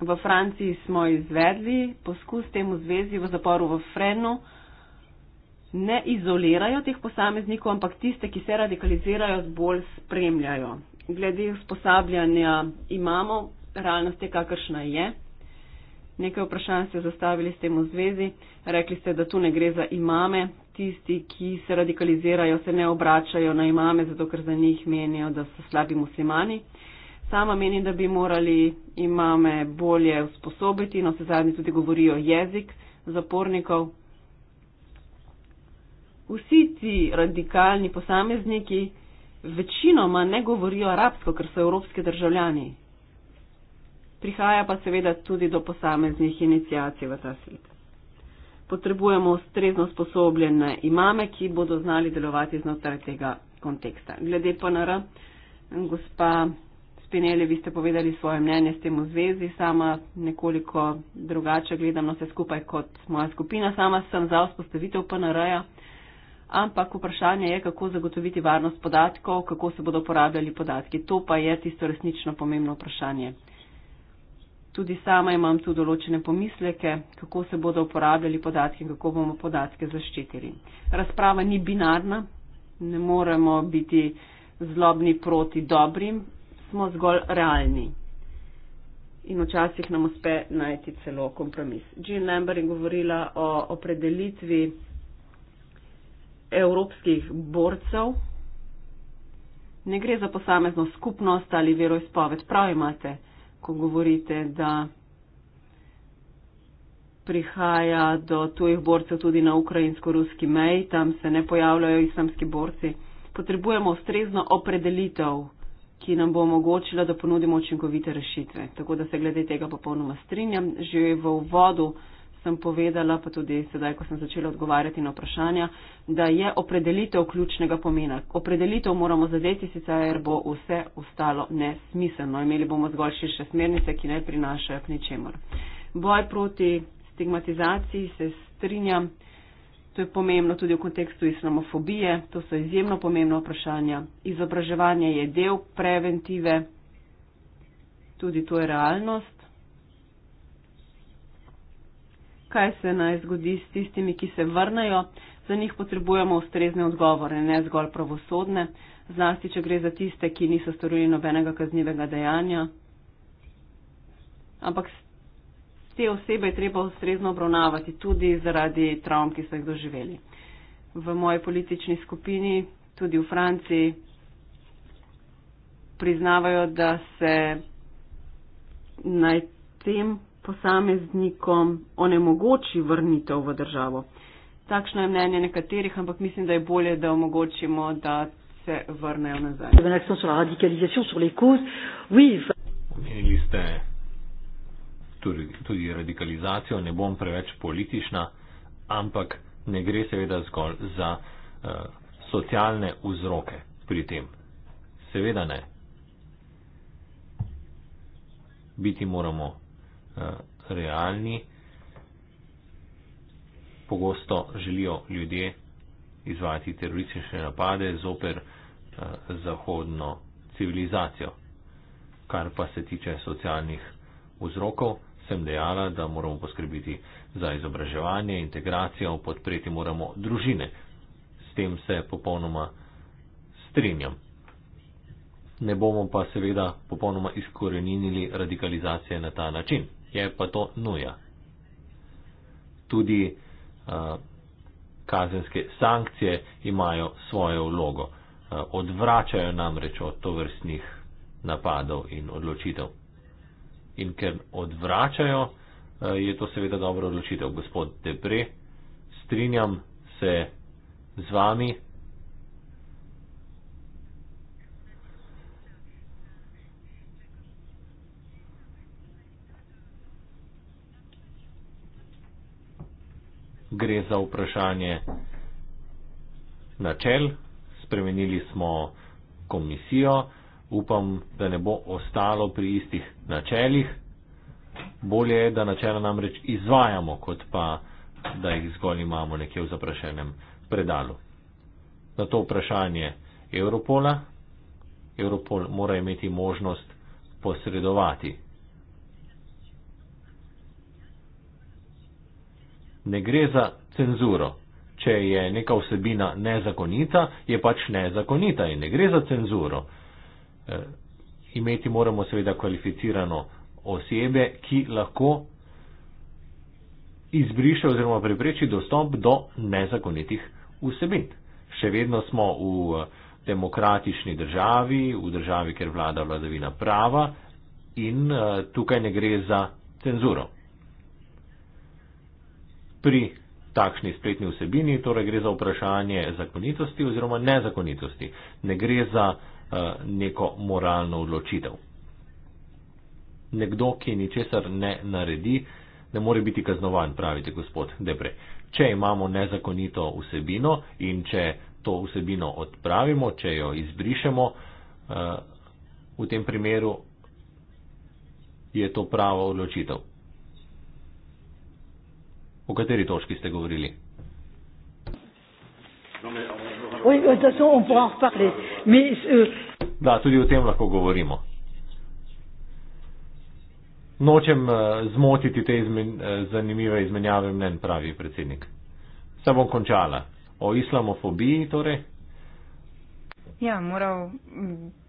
V Franciji smo izvedli poskus temu zvezi v zaporu v Frenu. Ne izolirajo teh posameznikov, ampak tiste, ki se radikalizirajo, bolj spremljajo. Glede usposabljanja imamo, realnost je kakršna je. Nekaj vprašanj ste zastavili s tem v zvezi. Rekli ste, da tu ne gre za imame. Tisti, ki se radikalizirajo, se ne obračajo na imame, zato ker za njih menijo, da so slabi muslimani. Sama menim, da bi morali imame bolje usposobiti, no se zadnji tudi govorijo jezik zapornikov. Vsi ti radikalni posamezniki večinoma ne govorijo arabsko, ker so evropski državljani. Prihaja pa seveda tudi do posameznih inicijacij v ta svet. Potrebujemo ustrezno sposobljene imame, ki bodo znali delovati znotraj tega konteksta. Glede PNR, gospa Spinelli, vi ste povedali svoje mnenje s tem v zvezi, sama nekoliko drugače gledam na vse skupaj kot moja skupina. Sama sem za vzpostavitev PNR-ja, ampak vprašanje je, kako zagotoviti varnost podatkov, kako se bodo uporabljali podatki. To pa je tisto resnično pomembno vprašanje. Tudi sama imam tu določene pomisleke, kako se bodo uporabljali podatki in kako bomo podatke zaščitili. Razprava ni binarna, ne moremo biti zlobni proti dobrim smo zgolj realni. In včasih nam uspe najti celo kompromis. Jean Lambert je govorila o opredelitvi evropskih borcev. Ne gre za posamezno skupnost ali veroizpoved. Prav imate, ko govorite, da prihaja do tujih borcev tudi na ukrajinsko-ruski meji, tam se ne pojavljajo islamski borci. Potrebujemo ustrezno opredelitev ki nam bo omogočila, da ponudimo učinkovite rešitve. Tako da se glede tega popolnoma strinjam. Že v uvodu sem povedala, pa tudi sedaj, ko sem začela odgovarjati na vprašanja, da je opredelitev ključnega pomena. Opredelitev moramo zadeti, sicer bo vse ostalo nesmiselno. Imeli bomo zgolj širše smernice, ki ne prinašajo k ničemor. Boj proti stigmatizaciji se strinjam. To je pomembno tudi v kontekstu islamofobije, to so izjemno pomembna vprašanja. Izobraževanje je del preventive, tudi to je realnost. Kaj se naj zgodi s tistimi, ki se vrnejo? Za njih potrebujemo ustrezne odgovore, ne zgolj pravosodne, zlasti, če gre za tiste, ki niso storili nobenega kaznjivega dejanja. Ampak s te osebe je treba ustrezno obravnavati tudi zaradi travm, ki so jih doživeli. V moji politični skupini, tudi v Franciji, priznavajo, da se naj tem posameznikom onemogoči vrnitev v državo. Takšno je mnenje nekaterih, ampak mislim, da je bolje, da omogočimo, da se vrnejo nazaj. Omenili ste tudi, tudi radikalizacijo, ne bom preveč politična, ampak ne gre seveda zgolj za uh, socialne vzroke pri tem. Seveda ne. Biti moramo uh, realni. Pogosto želijo ljudje izvajati teroristične napade zoper uh, zahodno civilizacijo, kar pa se tiče socialnih vzrokov, sem dejala, da moramo poskrbiti za izobraževanje, integracijo, podpreti moramo družine. S tem se popolnoma strinjam. Ne bomo pa seveda popolnoma izkorenili radikalizacije na ta način. Je pa to nuja. Tudi uh, kazenske sankcije imajo svojo vlogo. Uh, odvračajo namreč od tovrstnih napadov in odločitev in ker odvračajo, eh, je to seveda dobro odločitev. Gospod Depre, strinjam se z vami. Gre za vprašanje načel. Spremenili smo komisijo upam, da ne bo ostalo pri istih načeljih. Bolje je, da načela namreč izvajamo, kot pa, da jih zgolj imamo nekje v zaprašenem predalu. Na to vprašanje Europola. Europol mora imeti možnost posredovati. Ne gre za cenzuro. Če je neka vsebina nezakonita, je pač nezakonita in ne gre za cenzuro. Eh, imeti moramo seveda kvalificirano osebe, ki lahko izbriše oziroma prepreči dostop do nezakonitih vsebin. Še vedno smo v eh, demokratični državi, v državi, kjer vlada vladavina prava in eh, tukaj ne gre za cenzuro. Pri takšni spletni vsebini torej gre za vprašanje zakonitosti oziroma nezakonitosti. Ne gre za Eh, neko moralno odločitev. Nekdo, ki ničesar ne naredi, ne more biti kaznovan, pravite gospod Debre. Če imamo nezakonito vsebino in če to vsebino odpravimo, če jo izbrišemo, eh, v tem primeru je to prava odločitev. O kateri točki ste govorili? Oui, de toute façon, on pourra en reparler. Mi, uh, da, tudi o tem lahko govorimo. Nočem uh, zmotiti te izmen, uh, zanimive izmenjave mnen, pravi predsednik. Se bom končala. O islamofobiji torej. Ja, moral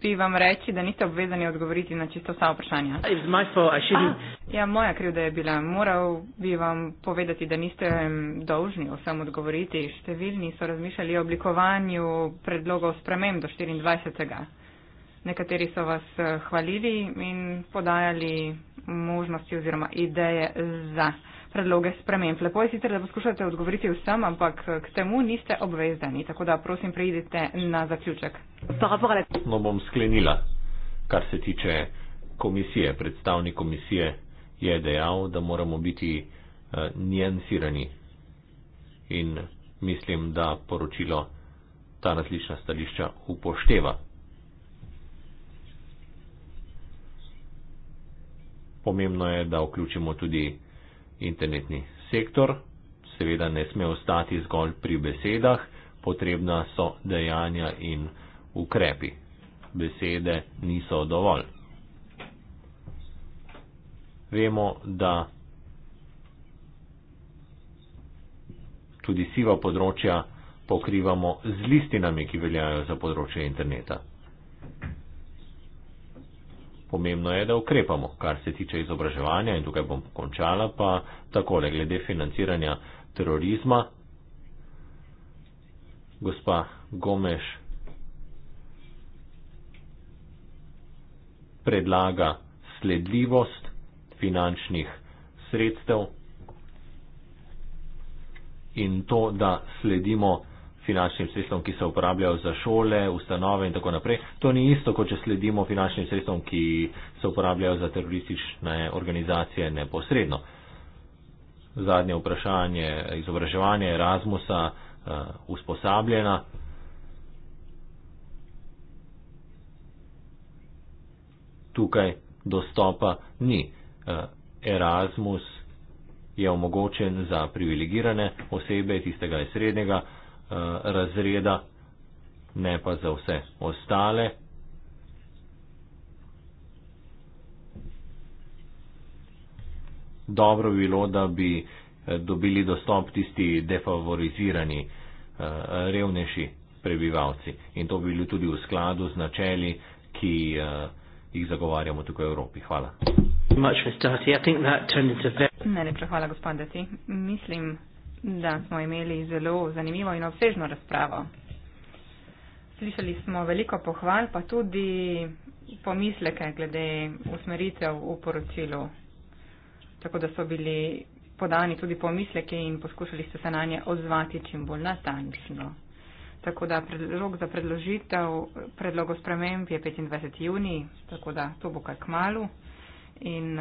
bi vam reči, da niste obvezani odgovoriti na čisto vsa vprašanja. Ah. Ja, moja krivda je bila. Moral bi vam povedati, da niste dolžni vsem odgovoriti. Številni so razmišljali o oblikovanju predlogov spremem do 24. Nekateri so vas eh, hvalili in podajali možnosti oziroma ideje za predloge sprememb. Lepo je sicer, da poskušate odgovoriti vsem, ampak eh, k temu niste obvezdani. Tako da prosim, prejdite na zaključek. No, bom sklenila, kar se tiče komisije. Predstavnik komisije je dejal, da moramo biti uh, eh, njensirani. In mislim, da poročilo ta različna stališča upošteva. Pomembno je, da vključimo tudi Internetni sektor seveda ne sme ostati zgolj pri besedah, potrebna so dejanja in ukrepi. Besede niso dovolj. Vemo, da tudi siva področja pokrivamo z listinami, ki veljajo za področje interneta. Pomembno je, da ukrepamo, kar se tiče izobraževanja in tukaj bom končala, pa takole, glede financiranja terorizma. Gospa Gomeš predlaga sledljivost finančnih sredstev in to, da sledimo finančnim sredstvom, ki se uporabljajo za šole, ustanove in tako naprej. To ni isto, kot če sledimo finančnim sredstvom, ki se uporabljajo za teroristične organizacije neposredno. Zadnje vprašanje, izobraževanje Erasmusa, uh, usposabljena. Tukaj dostopa ni. Uh, Erasmus je omogočen za privilegirane osebe, tistega iz srednjega Eh, razreda, ne pa za vse ostale. Dobro bi bilo, da bi eh, dobili dostop tisti defavorizirani, eh, revnejši prebivalci. In to bi bilo tudi v skladu z načeli, ki jih zagovarjamo tukaj v Evropi. Hvala. Najlepša hvala, gospod Dati. Mislim, da smo imeli zelo zanimivo in obsežno razpravo. Slišali smo veliko pohval, pa tudi pomisleke glede usmeritev v poročilu. Tako da so bili podani tudi pomisleke in poskušali ste se na nje odzvati čim bolj natančno. Tako da predlog za predložitev predlogo sprememb je 25. juni, tako da to bo kar k malu. In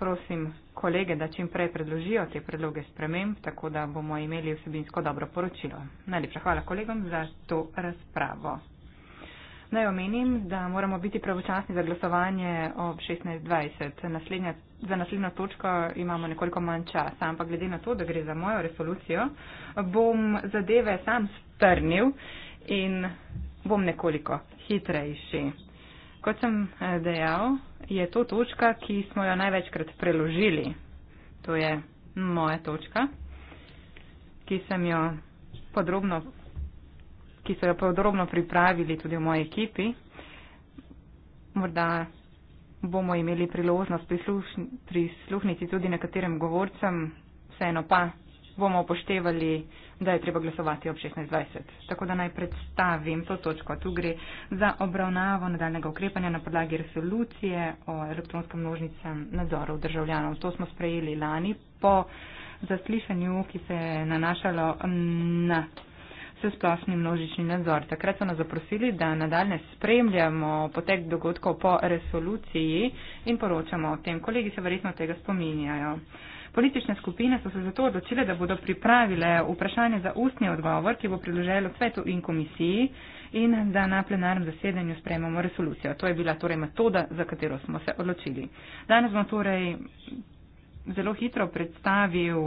prosim kolege, da čim prej predložijo te predloge sprememb, tako da bomo imeli vsebinsko dobro poročilo. Najlepša hvala kolegom za to razpravo. Naj omenim, da moramo biti pravočasni za glasovanje ob 16.20. Za naslednjo točko imamo nekoliko manj časa, ampak glede na to, da gre za mojo resolucijo, bom zadeve sam strnil in bom nekoliko hitrejši. Kot sem eh, dejal, je to točka, ki smo jo največkrat preložili. To je moja točka, ki sem jo podrobno ki so jo podrobno pripravili tudi v moji ekipi. Morda bomo imeli priložnost prisluhniti tudi nekaterim govorcem, vseeno pa bomo upoštevali da je treba glasovati ob 16.20. Tako da naj predstavim to točko. Tu gre za obravnavo nadaljnega ukrepanja na podlagi resolucije o elektronskem množnicem nadzorov državljanov. To smo sprejeli lani po zaslišanju, ki se je nanašalo na se splošni množični nadzor. Takrat so nas zaprosili, da nadaljne spremljamo potek dogodkov po resoluciji in poročamo o tem. Kolegi se verjetno tega spominjajo. Politične skupine so se zato odločile, da bodo pripravile vprašanje za ustni odgovor, ki bo priloženo svetu in komisiji in da na plenarnem zasedanju sprejmemo resolucijo. To je bila torej metoda, za katero smo se odločili. Danes bom torej zelo hitro predstavil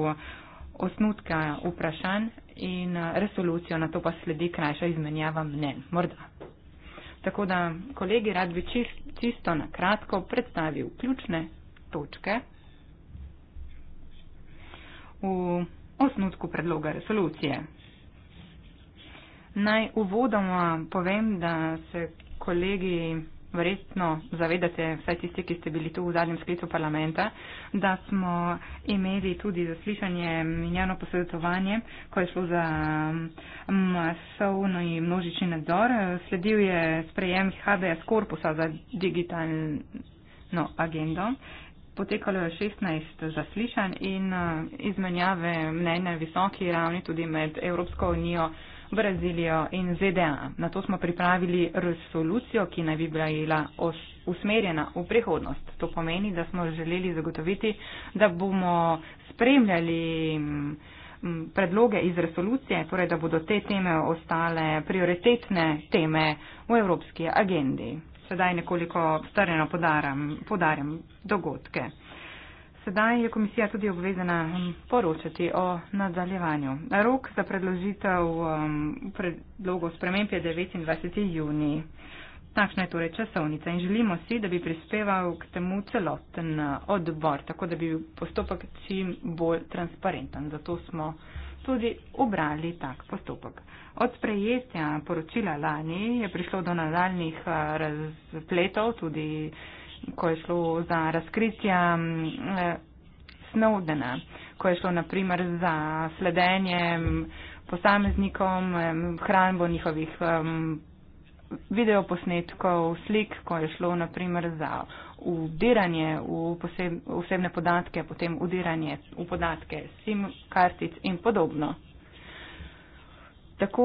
osnutka vprašanj in resolucijo, na to pa sledi krajša izmenjava mnen. Morda. Tako da kolegi rad bi čisto na kratko predstavil ključne točke v osnutku predloga resolucije. Naj uvodoma povem, da se kolegi verjetno zavedate, vsaj tisti, ki ste bili tu v zadnjem sklicu parlamenta, da smo imeli tudi zaslišanje in javno posvetovanje, ko je šlo za masovno in množični nadzor. Sledil je sprejem HBS korpusa za digitalno agendo Potekalo je 16 zaslišanj in eh, izmenjave mnenja na visoki ravni tudi med Evropsko unijo, Brazilijo in ZDA. Na to smo pripravili resolucijo, ki naj bi bila usmerjena v prihodnost. To pomeni, da smo želeli zagotoviti, da bomo spremljali mm, mm, predloge iz resolucije, torej da bodo te teme ostale prioritetne teme v evropski agendi sedaj nekoliko strjeno podarjam dogodke. Sedaj je komisija tudi obvezena um, poročati o nadaljevanju. Rok za predložitev um, predlogov sprememb je 29. juni. Takšna je torej časovnica in želimo si, da bi prispeval k temu celoten uh, odbor, tako da bi postopek čim bolj transparenten. Zato smo tudi ubrali tak postopek. Od sprejetja poročila lani je prišlo do nadaljnih eh, razpletov, tudi ko je šlo za razkritja mm, eh, Snowdena, ko je šlo naprimer za sledenje mm, posameznikom, mm, hranbo njihovih videoposnetkov, slik, ko je šlo naprimer za vdiranje v osebne podatke, potem vdiranje v podatke SIM kartic in podobno. Tako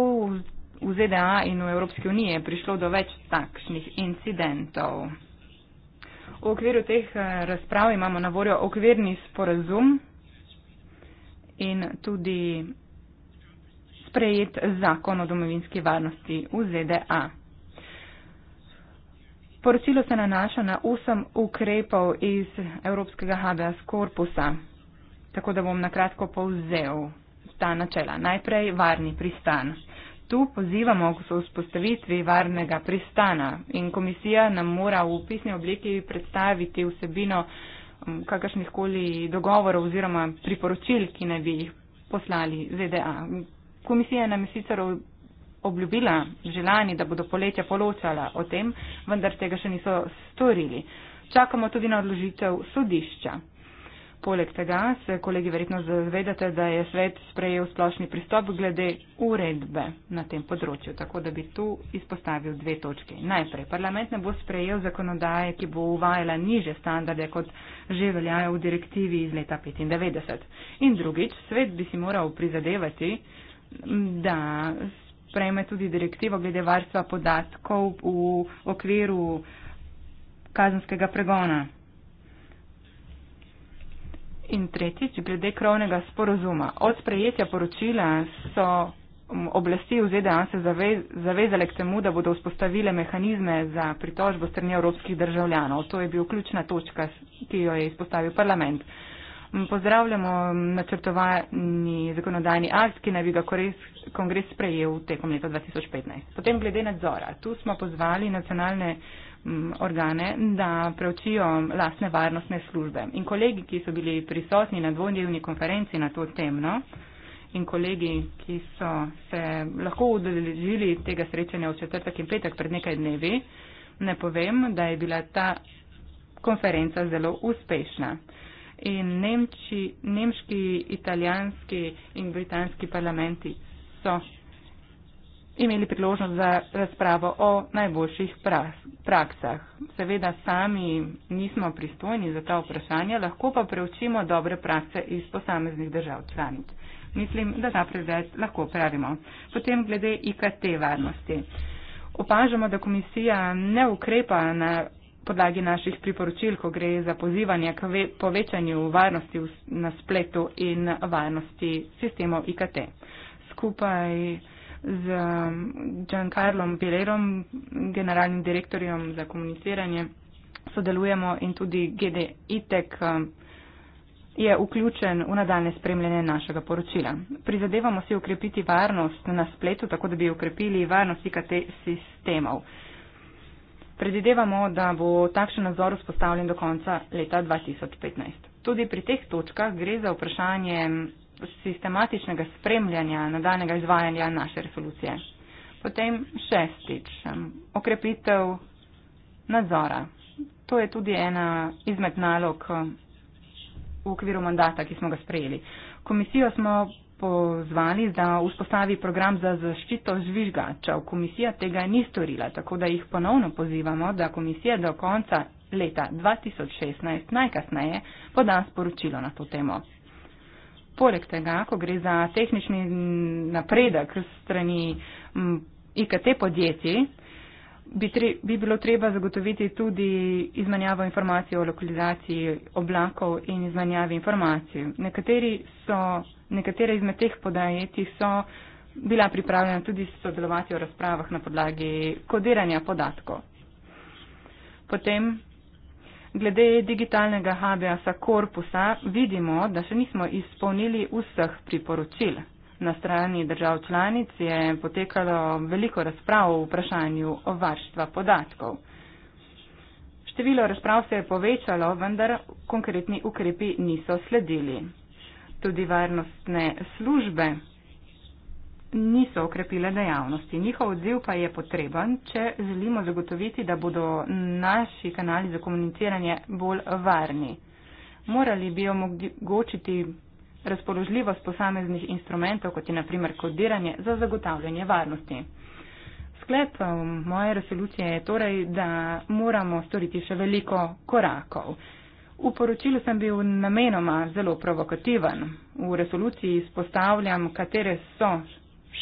v ZDA in v Evropski uniji je prišlo do več takšnih incidentov. V okviru teh razprav imamo na voljo okvirni sporazum in tudi sprejet zakon o domovinski varnosti v ZDA. Poročilo se nanaša na osem ukrepov iz Evropskega HBS korpusa, tako da bom nakratko povzel ta načela. Najprej varni pristan. Tu pozivamo k vzpostavitvi varnega pristana in komisija nam mora v pisni obliki predstaviti vsebino um, kakršnih koli dogovorov oziroma priporočil, ki naj bi jih poslali ZDA. Komisija nam je sicer obljubila želani, da bodo poletja poločala o tem, vendar tega še niso storili. Čakamo tudi na odložitev sodišča. Poleg tega se kolegi verjetno zavedate, da je svet sprejel splošni pristop glede uredbe na tem področju, tako da bi tu izpostavil dve točke. Najprej, parlament ne bo sprejel zakonodaje, ki bo uvajala niže standarde, kot že veljajo v direktivi iz leta 1995. In drugič, svet bi si moral prizadevati, da sprejme tudi direktivo glede varstva podatkov v okviru kazenskega pregona. In tretjič, glede krovnega sporozuma. Od sprejetja poročila so oblasti v ZDA se zavezale k temu, da bodo vzpostavile mehanizme za pritožbo strani evropskih državljanov. To je bil ključna točka, ki jo je izpostavil parlament. Mm, pozdravljamo načrtovani zakonodajni akt, ki naj bi ga kongres sprejel tekom leta 2015. Potem glede nadzora. Tu smo pozvali nacionalne mm, organe, da preučijo lastne varnostne službe. In kolegi, ki so bili prisotni na dvojnjevni konferenci na to temno, in kolegi, ki so se lahko udeležili tega srečanja v četrtek in petek pred nekaj dnevi, ne povem, da je bila ta konferenca zelo uspešna in Nemči, nemški, italijanski in britanski parlamenti so imeli priložnost za razpravo o najboljših praksah. Seveda sami nismo pristojni za ta vprašanja, lahko pa preučimo dobre prakse iz posameznih držav članic. Mislim, da ta pregled lahko pravimo. Potem glede IKT varnosti. Opažamo, da komisija ne ukrepa na podlagi naših priporočil, ko gre za pozivanje k povečanju varnosti na spletu in varnosti sistemov IKT. Skupaj z Giancarlom Pilerom, generalnim direktorjem za komuniciranje, sodelujemo in tudi GD ITEK je vključen v nadaljne spremljanje našega poročila. Prizadevamo si ukrepiti varnost na spletu, tako da bi ukrepili varnost IKT sistemov. Predvidevamo, da bo takšen nadzor vzpostavljen do konca leta 2015. Tudi pri teh točkah gre za vprašanje sistematičnega spremljanja nadaljnega izvajanja naše resolucije. Potem šestič, okrepitev nadzora. To je tudi ena izmed nalog v okviru mandata, ki smo ga sprejeli. Komisijo smo pozvali, da vzpostavi program za zaščito žvižgačev. Komisija tega ni storila, tako da jih ponovno pozivamo, da komisija do konca leta 2016 najkasneje poda sporočilo na to temo. Poleg tega, ko gre za tehnični napredek strani mm, IKT podjetij, bi, tre, bi bilo treba zagotoviti tudi izmenjavo informacij o lokalizaciji oblakov in izmenjavi informacij. So, nekatere izmed teh podajeti so bila pripravljena tudi sodelovati v razpravah na podlagi kodiranja podatkov. Potem, glede digitalnega habeasa korpusa, vidimo, da še nismo izpolnili vseh priporočil. Na strani držav članic je potekalo veliko razprav o vprašanju o varštva podatkov. Število razprav se je povečalo, vendar konkretni ukrepi niso sledili. Tudi varnostne službe niso okrepile dejavnosti. Njihov odziv pa je potreben, če želimo zagotoviti, da bodo naši kanali za komuniciranje bolj varni. Morali bi omogočiti razpoložljivost posameznih instrumentov, kot je naprimer kodiranje za zagotavljanje varnosti. Sklep um, moje resolucije je torej, da moramo storiti še veliko korakov. V poročilu sem bil namenoma zelo provokativen. V resoluciji izpostavljam, katere so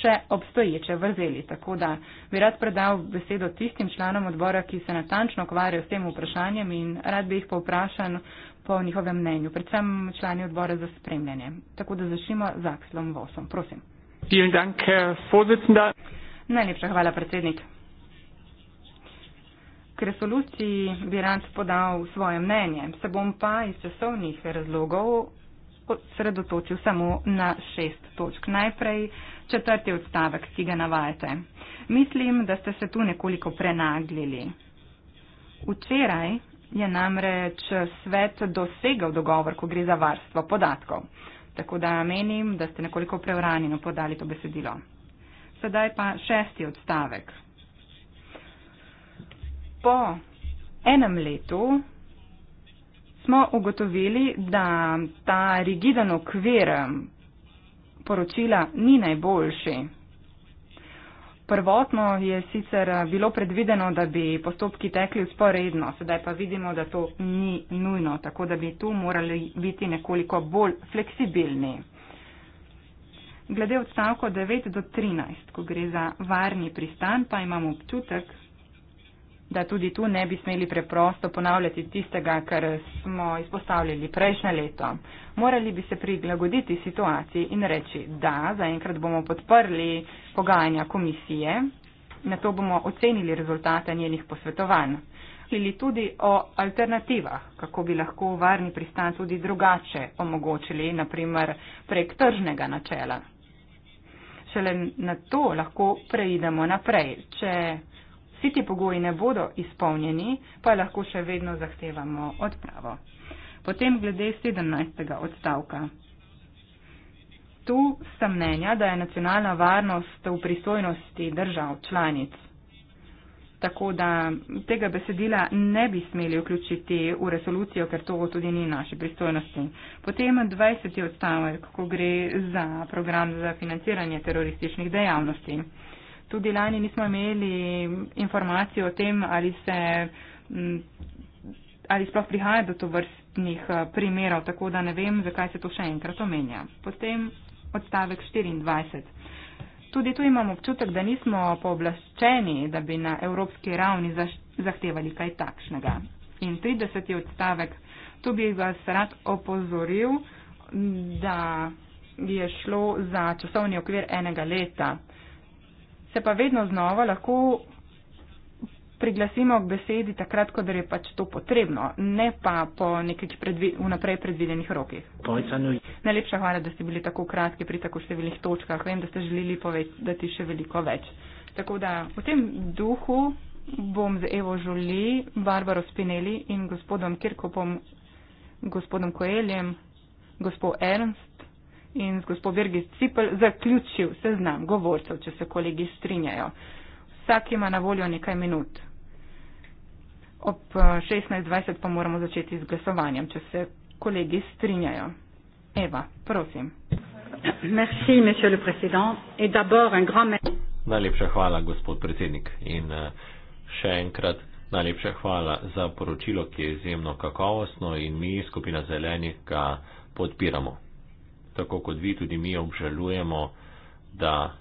še obstoječe vrzeli, tako da bi rad predal besedo tistim članom odbora, ki se natančno ukvarjajo s tem vprašanjem in rad bi jih povprašan, po njihovem mnenju, predvsem člani odbora za spremljanje. Tako da začnimo z Akselom Vosom. Prosim. Dank, Najlepša hvala, predsednik. K resoluciji bi rad podal svoje mnenje, se bom pa iz časovnih razlogov osredotočil samo na šest točk. Najprej četrti odstavek, ki ga navajate. Mislim, da ste se tu nekoliko prenaglili. Včeraj je namreč svet dosegal dogovor, ko gre za varstvo podatkov. Tako da menim, da ste nekoliko preuranjeno podali to besedilo. Sedaj pa šesti odstavek. Po enem letu smo ugotovili, da ta rigiden okvir poročila ni najboljši, Prvotno je sicer eh, bilo predvideno, da bi postopki tekli usporedno, sedaj pa vidimo, da to ni nujno, tako da bi tu morali biti nekoliko bolj fleksibilni. Glede odstavko 9 do 13, ko gre za varni pristan, pa imamo občutek, da tudi tu ne bi smeli preprosto ponavljati tistega, kar smo izpostavljali prejšnje leto. Morali bi se prilagoditi situaciji in reči, da zaenkrat bomo podprli pogajanja komisije, na to bomo ocenili rezultate njenih posvetovanj. Ali tudi o alternativah, kako bi lahko varni pristan tudi drugače omogočili, naprimer prek tržnega načela. Šele na to lahko preidemo naprej. Če vsi ti pogoji ne bodo izpolnjeni, pa lahko še vedno zahtevamo odpravo. Potem glede 17. odstavka. Tu sta mnenja, da je nacionalna varnost v pristojnosti držav članic. Tako da tega besedila ne bi smeli vključiti v resolucijo, ker to tudi ni naše pristojnosti. Potem 20. odstavek, ko gre za program za financiranje terorističnih dejavnosti tudi lani nismo imeli informacije o tem, ali se ali sploh prihaja do to vrstnih eh, primerov, tako da ne vem, zakaj se to še enkrat omenja. Potem odstavek 24. Tudi tu imamo občutek, da nismo pooblaščeni, da bi na evropski ravni zahtevali kaj takšnega. In 30. odstavek. Tu bi vas rad opozoril, da je šlo za časovni okvir enega leta se pa vedno znova lahko priglasimo k besedi takrat, ko je pač to potrebno, ne pa po nekih vnaprej predvidenih rokih. Najlepša hvala, da ste bili tako kratki pri tako številnih točkah. Vem, da ste želeli povedati še veliko več. Tako da v tem duhu bom z Evo Žuli, Barbaro Spinelli in gospodom Kirkopom, gospodom Koeljem, gospod Ernst, in z gospod Virgis Cipel zaključil seznam govorcev, če se kolegi strinjajo. Vsak ima na voljo nekaj minut. Ob 16.20 eh, pa moramo začeti z glasovanjem, če se kolegi strinjajo. Eva, prosim. Merci, monsieur le président. Et d'abord, un grand merci. Najlepša hvala, gospod predsednik. In eh, še enkrat najlepša hvala za poročilo, ki je izjemno kakovostno in mi, skupina Zelenih, ga podpiramo tako kot vi, tudi mi obžalujemo, da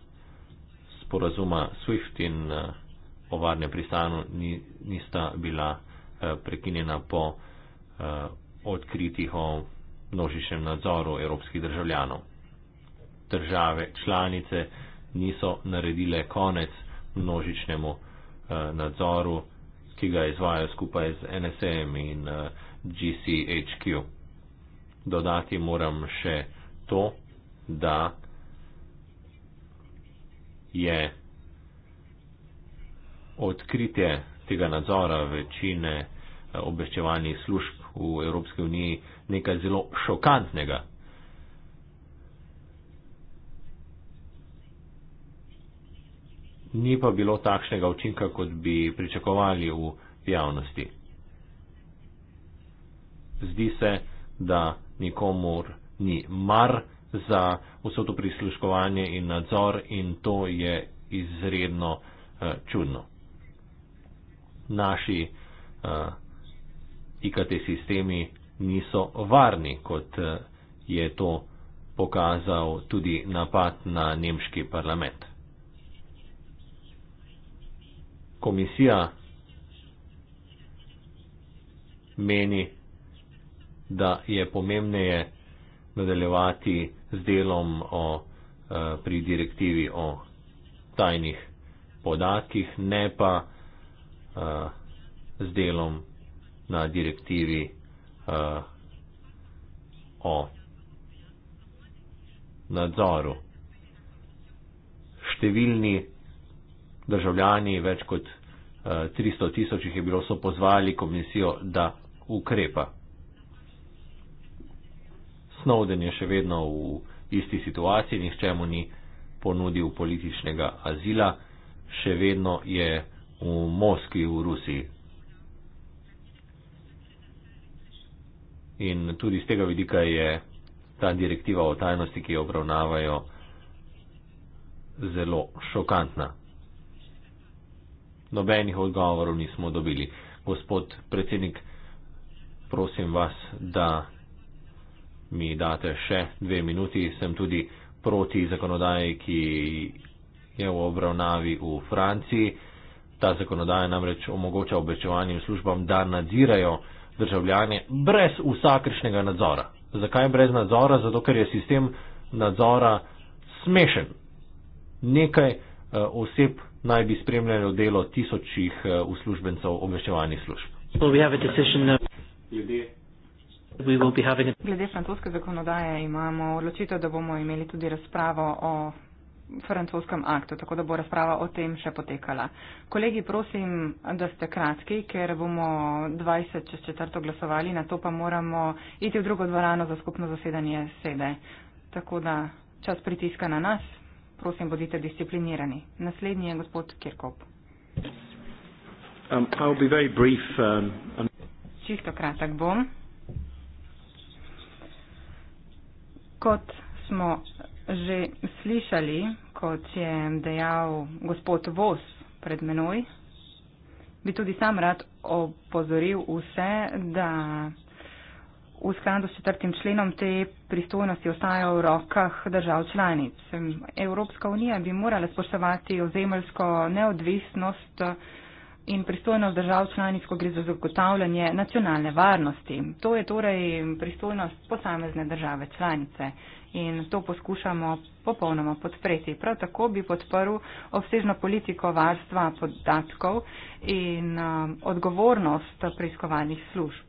sporazuma SWIFT in uh, o varnem pristanu ni, nista bila uh, prekinjena po uh, odkritih o množičnem nadzoru evropskih državljanov. Države članice niso naredile konec množičnemu uh, nadzoru, ki ga izvajajo skupaj z NSM in uh, GCHQ. Dodati moram še, to, da je odkritje tega nadzora večine eh, obveščevalnih služb v Evropski uniji nekaj zelo šokantnega. Ni pa bilo takšnega učinka, kot bi pričakovali v javnosti. Zdi se, da nikomor ni mar za vso to prisluškovanje in nadzor in to je izredno uh, čudno. Naši uh, eh, IKT sistemi niso varni, kot uh, je to pokazal tudi napad na nemški parlament. Komisija meni, da je pomembneje nadaljevati z delom o, eh, pri direktivi o tajnih podatkih, ne pa eh, z delom na direktivi eh, o nadzoru. Številni državljani, več kot 300 tisoč jih je bilo, so pozvali komisijo, da ukrepa. Snowden je še vedno v isti situaciji, nihče mu ni ponudil političnega azila, še vedno je v Moskvi, v Rusiji. In tudi z tega vidika je ta direktiva o tajnosti, ki jo obravnavajo, zelo šokantna. Nobenih odgovorov nismo dobili. Gospod predsednik, prosim vas, da mi date še dve minuti, sem tudi proti zakonodaji, ki je v obravnavi v Franciji. Ta zakonodaja namreč omogoča obveščevalnim službam, da nadzirajo državljane brez vsakršnega nadzora. Zakaj brez nadzora? Zato, ker je sistem nadzora smešen. Nekaj uh, oseb naj bi spremljalo delo tisočih uh, uslužbencev obveščevalnih služb. Well, we have a decision, uh... Ljudje. Glede francoske zakonodaje imamo odločitev, da bomo imeli tudi razpravo o francoskem aktu, tako da bo razprava o tem še potekala. Kolegi, prosim, da ste kratki, ker bomo 20 čez četrto glasovali, na to pa moramo iti v drugo dvorano za skupno zasedanje sede. Tako da čas pritiska na nas. Prosim, bodite disciplinirani. Naslednji je gospod Kirkop. Um, brief, um, Čisto kratek bom. kot smo že slišali, kot je dejal gospod Vos pred menoj, bi tudi sam rad opozoril vse, da v skladu s četrtim členom te pristojnosti ostajajo v rokah držav članic. Evropska unija bi morala spoštovati ozemeljsko neodvisnost in pristojnost držav članic, ko gre za zagotavljanje nacionalne varnosti. To je torej pristojnost posamezne države članice in to poskušamo popolnoma podpreti. Prav tako bi podprl obsežno politiko varstva podatkov in um, odgovornost preiskovalnih služb.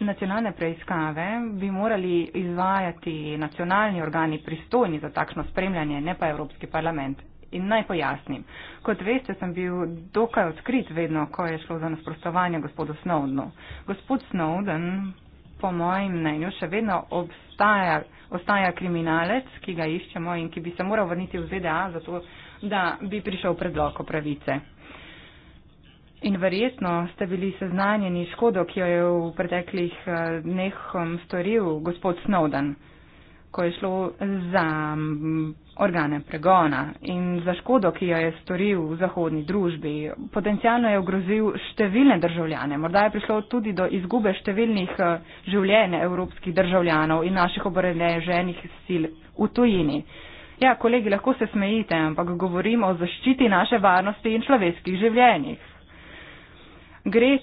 Nacionalne preiskave bi morali izvajati nacionalni organi pristojni za takšno spremljanje, ne pa Evropski parlament. In naj pojasnim. Kot veste, sem bil dokaj odkrit vedno, ko je šlo za nasprostovanje gospodu Snowdenu. Gospod Snowden, po mojem mnenju, še vedno obstaja, ostaja kriminalec, ki ga iščemo in ki bi se moral vrniti v ZDA, zato da bi prišel predloko pravice. In verjetno ste bili seznanjeni škodo, ki jo je v preteklih eh, dneh mm, storil gospod Snowden, ko je šlo za mm, organe pregona in za škodo, ki jo je storil v zahodni družbi, potencialno je ogrozil številne državljane. Morda je prišlo tudi do izgube številnih eh, življenj evropskih državljanov in naših oboreženih sil v tujini. Ja, kolegi, lahko se smejite, ampak govorimo o zaščiti naše varnosti in človeških življenjih. Gre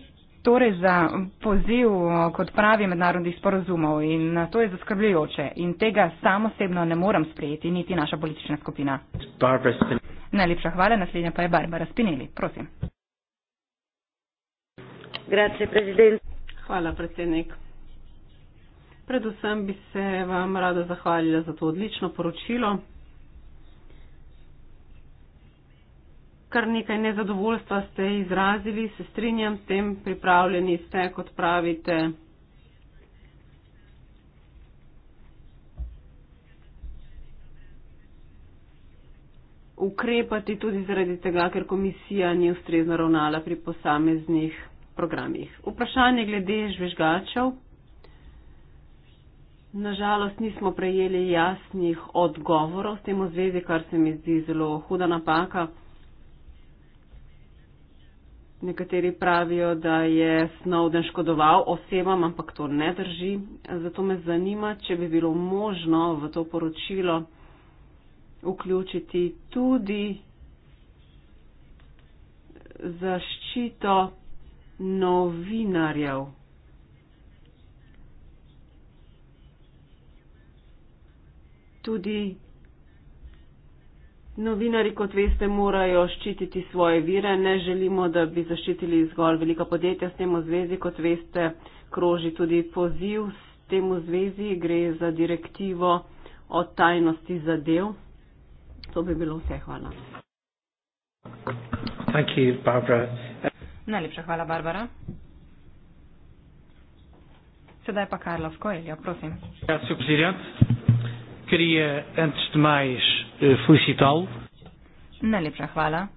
torej za poziv k odpravi mednarodnih sporozumov in to je zaskrbljujoče in tega samosebno ne morem sprejeti niti naša politična skupina. Najlepša hvala, naslednja pa je Barbara Spinelli. Prosim. Grazie, predsednik. Hvala, predsednik. Predvsem bi se vam rada zahvalila za to odlično poročilo. kar nekaj nezadovoljstva ste izrazili, se strinjam s tem, pripravljeni ste, kot pravite. Ukrepati tudi zaradi tega, ker komisija ni ustrezno ravnala pri posameznih programih. Vprašanje glede žvižgačev. Nažalost nismo prejeli jasnih odgovorov s tem v zvezi, kar se mi zdi zelo huda napaka. Nekateri pravijo, da je Snowden škodoval osebam, ampak to ne drži. Zato me zanima, če bi bilo možno v to poročilo vključiti tudi zaščito novinarjev. Tudi Novinari, kot veste, morajo ščititi svoje vire. Ne želimo, da bi zaščitili zgolj velika podjetja. S tem v zvezi, kot veste, kroži tudi poziv. S tem v zvezi gre za direktivo o tajnosti zadev. To bi bilo vse. Hvala. Najlepša hvala, Barbara. Sedaj pa Karlo Skojeljo, prosim. Ja, subsidijant, ker je 1. maj Eh, felicital. Najlepša hvala.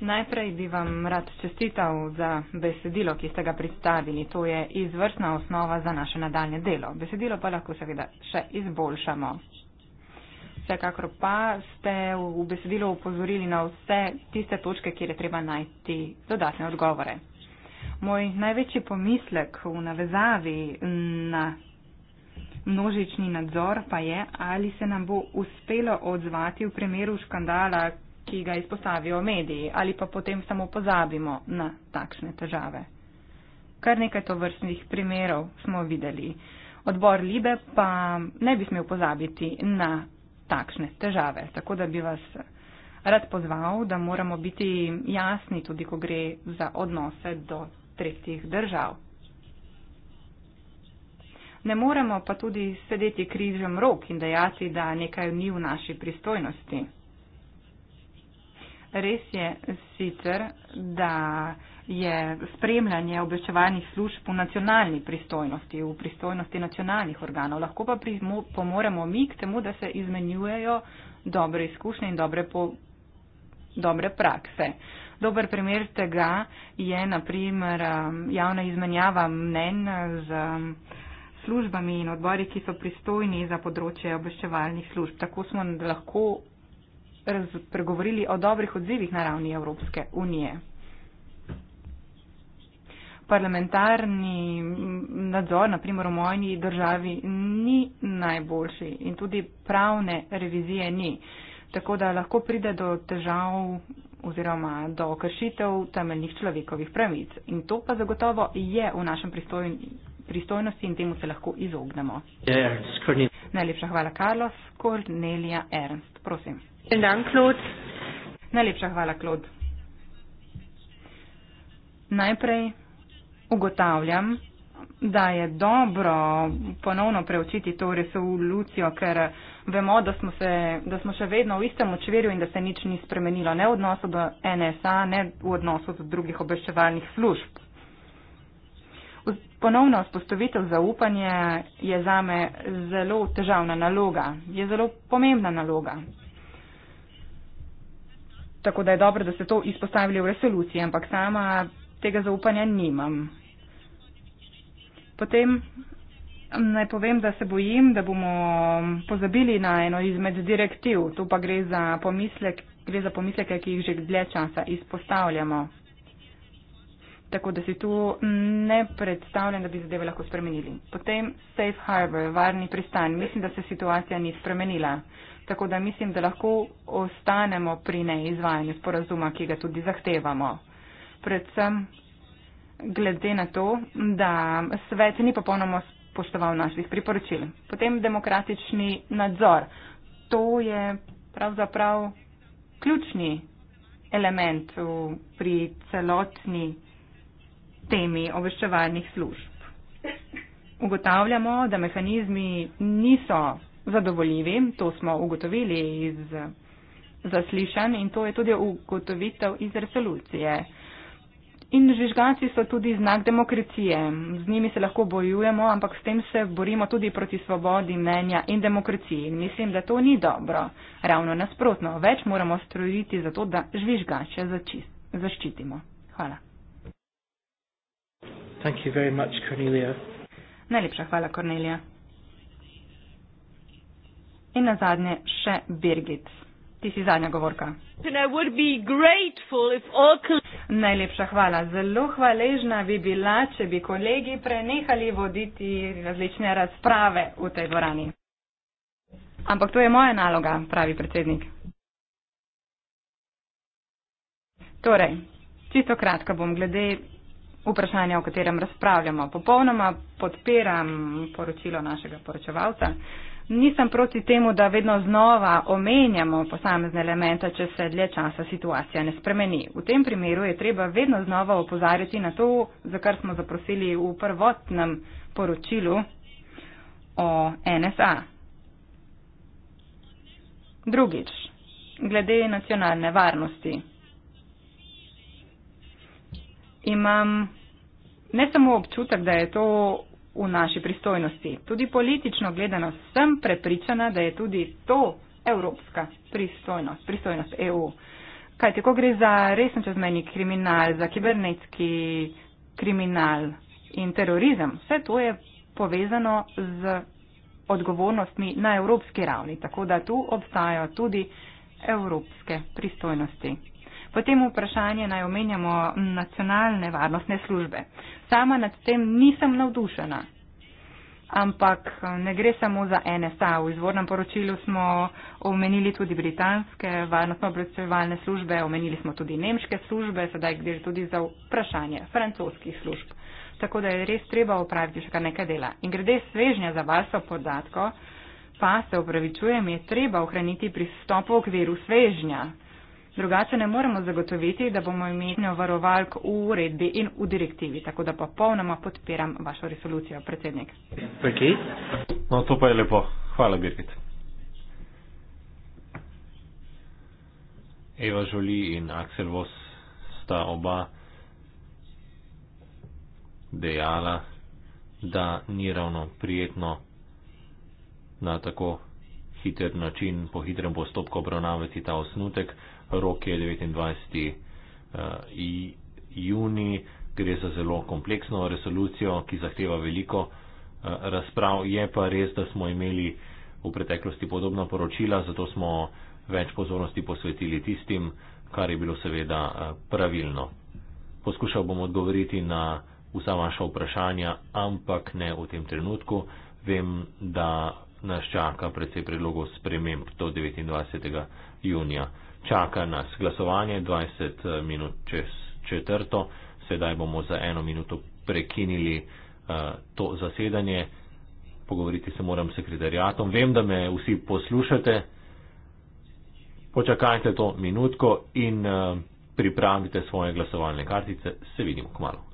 Najprej bi vam rad čestital za besedilo, ki ste ga predstavili. To je izvrstna osnova za naše nadaljne delo. Besedilo pa lahko seveda še izboljšamo. Vsekakor pa ste v besedilu upozorili na vse tiste točke, kjer je treba najti dodatne odgovore. Moj največji pomislek v navezavi na Množični nadzor pa je, ali se nam bo uspelo odzvati v primeru škandala, ki ga izpostavijo mediji, ali pa potem samo pozabimo na takšne težave. Kar nekaj tovrstnih primerov smo videli. Odbor Libe pa ne bi smel pozabiti na takšne težave, tako da bi vas rad pozval, da moramo biti jasni tudi, ko gre za odnose do tretjih držav. Ne moremo pa tudi sedeti križem rok in dejati, da nekaj ni v naši pristojnosti. Res je sicer, da je spremljanje obveščevalnih služb v nacionalni pristojnosti, v pristojnosti nacionalnih organov. Lahko pa pomoremo mi k temu, da se izmenjujejo dobre izkušnje in dobre, po, dobre prakse. Dober primer tega je naprimer um, javna izmenjava mnen z. Um, službami in odbori, ki so pristojni za področje obveščevalnih služb. Tako smo lahko pregovorili o dobrih odzivih na ravni Evropske unije. Parlamentarni nadzor, naprimer v mojni državi, ni najboljši in tudi pravne revizije ni. Tako da lahko pride do težav oziroma do kršitev temeljnih človekovih pravic. In to pa zagotovo je v našem pristojnosti pristojnosti in temu se lahko izognemo. Ernst, Najlepša hvala, Carlos. Kornelija Ernst, prosim. Dan, Najlepša hvala, Klod. Najprej ugotavljam, da je dobro ponovno preučiti to resolucijo, ker vemo, da smo, se, da smo še vedno v istem očverju in da se nič ni spremenilo ne v odnosu do NSA, ne v odnosu do drugih obveščevalnih služb ponovno vzpostavitev zaupanja je zame zelo težavna naloga, je zelo pomembna naloga. Tako da je dobro, da ste to izpostavili v resoluciji, ampak sama tega zaupanja nimam. Potem naj povem, da se bojim, da bomo pozabili na eno izmed direktiv. Tu pa gre za, pomislek, gre za pomisleke, ki jih že dlje časa izpostavljamo tako da si tu ne predstavljam, da bi zadeve lahko spremenili. Potem safe harbor, varni pristan, mislim, da se situacija ni spremenila. Tako da mislim, da lahko ostanemo pri neizvajanju sporazuma, ki ga tudi zahtevamo. Predvsem glede na to, da svet ni popolnoma spoštoval naših priporočil. Potem demokratični nadzor. To je pravzaprav ključni element pri celotni temi obveščevalnih služb. Ugotavljamo, da mehanizmi niso zadovoljivi, to smo ugotovili iz zaslišanj in to je tudi ugotovitev iz resolucije. In žižgači so tudi znak demokracije. Z njimi se lahko bojujemo, ampak s tem se borimo tudi proti svobodi mnenja in demokraciji. Mislim, da to ni dobro. Ravno nasprotno, več moramo strojiti za to, da žvižgače zaščitimo. Hvala. Thank you very much, Cornelia. Najlepša hvala, Kornelija. In na zadnje še Birgit. Ti si zadnja govorka. Najlepša hvala. Zelo hvaležna bi bila, če bi kolegi prenehali voditi različne razprave v tej dvorani. Ampak to je moja naloga, pravi predsednik. Torej, čisto kratka bom glede vprašanja, o katerem razpravljamo. Popolnoma podpiram poročilo našega poročevalca. Nisem proti temu, da vedno znova omenjamo posamezne elemente, če se dlje časa situacija ne spremeni. V tem primeru je treba vedno znova opozarjati na to, za kar smo zaprosili v prvotnem poročilu o NSA. Drugič, glede nacionalne varnosti imam ne samo občutek, da je to v naši pristojnosti, tudi politično gledano sem prepričana, da je tudi to evropska pristojnost, pristojnost EU. Kaj tako gre za resen čezmejni kriminal, za kibernetski kriminal in terorizem, vse to je povezano z odgovornostmi na evropski ravni, tako da tu obstajajo tudi evropske pristojnosti. Potem vprašanje naj omenjamo nacionalne varnostne službe. Sama nad tem nisem navdušena, ampak eh, ne gre samo za NSA. V izvornem poročilu smo omenili tudi britanske varnostno-obrečevalne službe, omenili smo tudi nemške službe, sedaj gre tudi za vprašanje francoskih služb. Tako da je res treba upraviti še kar nekaj dela. In grede svežnja za varstvo podatkov, pa se upravičujem, je treba ohraniti pristop v okviru svežnja. Drugače ne moremo zagotoviti, da bomo imeli varovalk v uredbi in v direktivi, tako da popolnoma podpiram vašo resolucijo, predsednik. Okay. No, to pa je lepo. Hvala, Birgit. Eva Žoli in Aksel Vos sta oba dejala, da ni ravno prijetno na tako hiter način, po hitrem postopku obravnavati ta osnutek rok je 29. Eh, juni, gre za zelo kompleksno resolucijo, ki zahteva veliko eh, razprav. Je pa res, da smo imeli v preteklosti podobna poročila, zato smo več pozornosti posvetili tistim, kar je bilo seveda eh, pravilno. Poskušal bom odgovoriti na vsa vaša vprašanja, ampak ne v tem trenutku. Vem, da nas čaka predvsej predlogov sprememb do 29. junija čaka nas glasovanje 20 eh, minut čez četrto. Sedaj bomo za eno minuto prekinili uh, to zasedanje. Pogovoriti se moram s sekretarjatom. Vem, da me vsi poslušate. Počakajte to minutko in uh, pripravite svoje glasovalne kartice. Se vidimo k malu.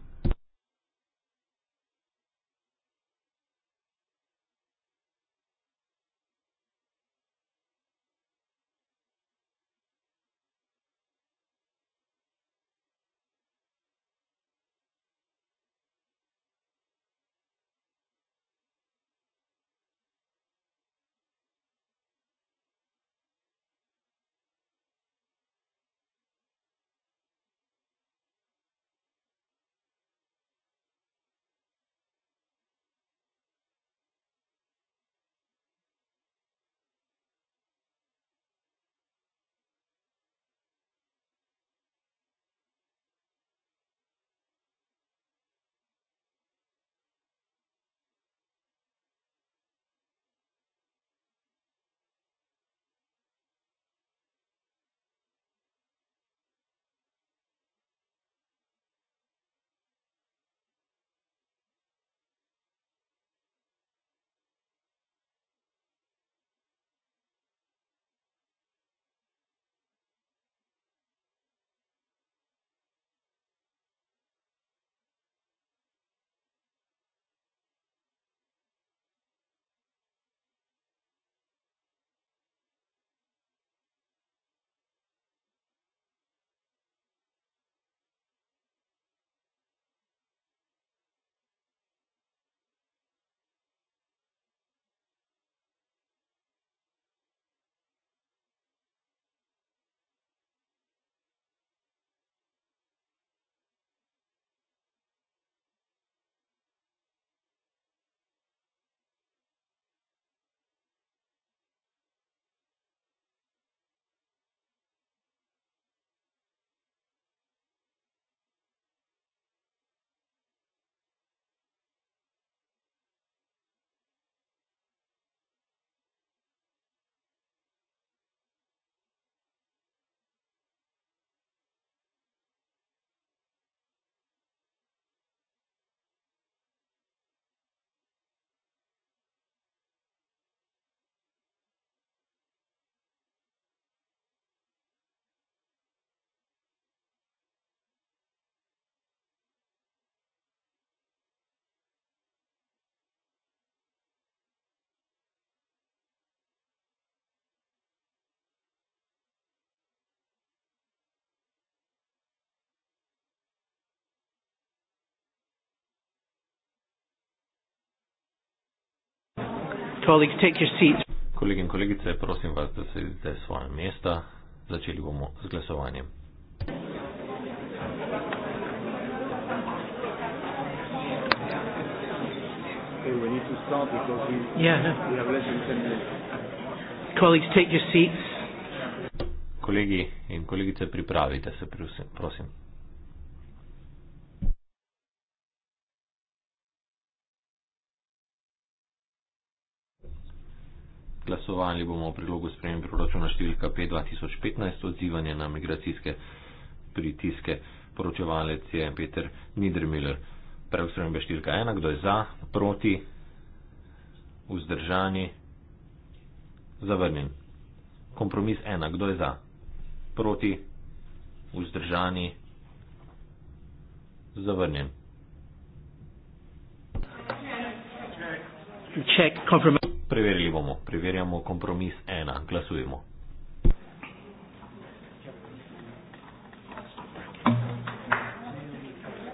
Colleagues, take your seats. Kolegi in kolegice, prosim vas, da se izdete svoje mesta. Začeli bomo z glasovanjem. Kolegi in kolegice, pripravite se, prosim. prosim. Glasovali bomo o prilogu sprejem proračuna številka 5 2015 odzivanje na migracijske pritiske. Poročevalec je Peter Niedermiller. Prav sprejembe številka 1, kdo je za, proti, vzdržani, zavrnjen. Kompromis 1, kdo je za, proti, vzdržani, zavrnjen. Check, compromise. Preverili bomo. Preverjamo kompromis ena. Glasujemo.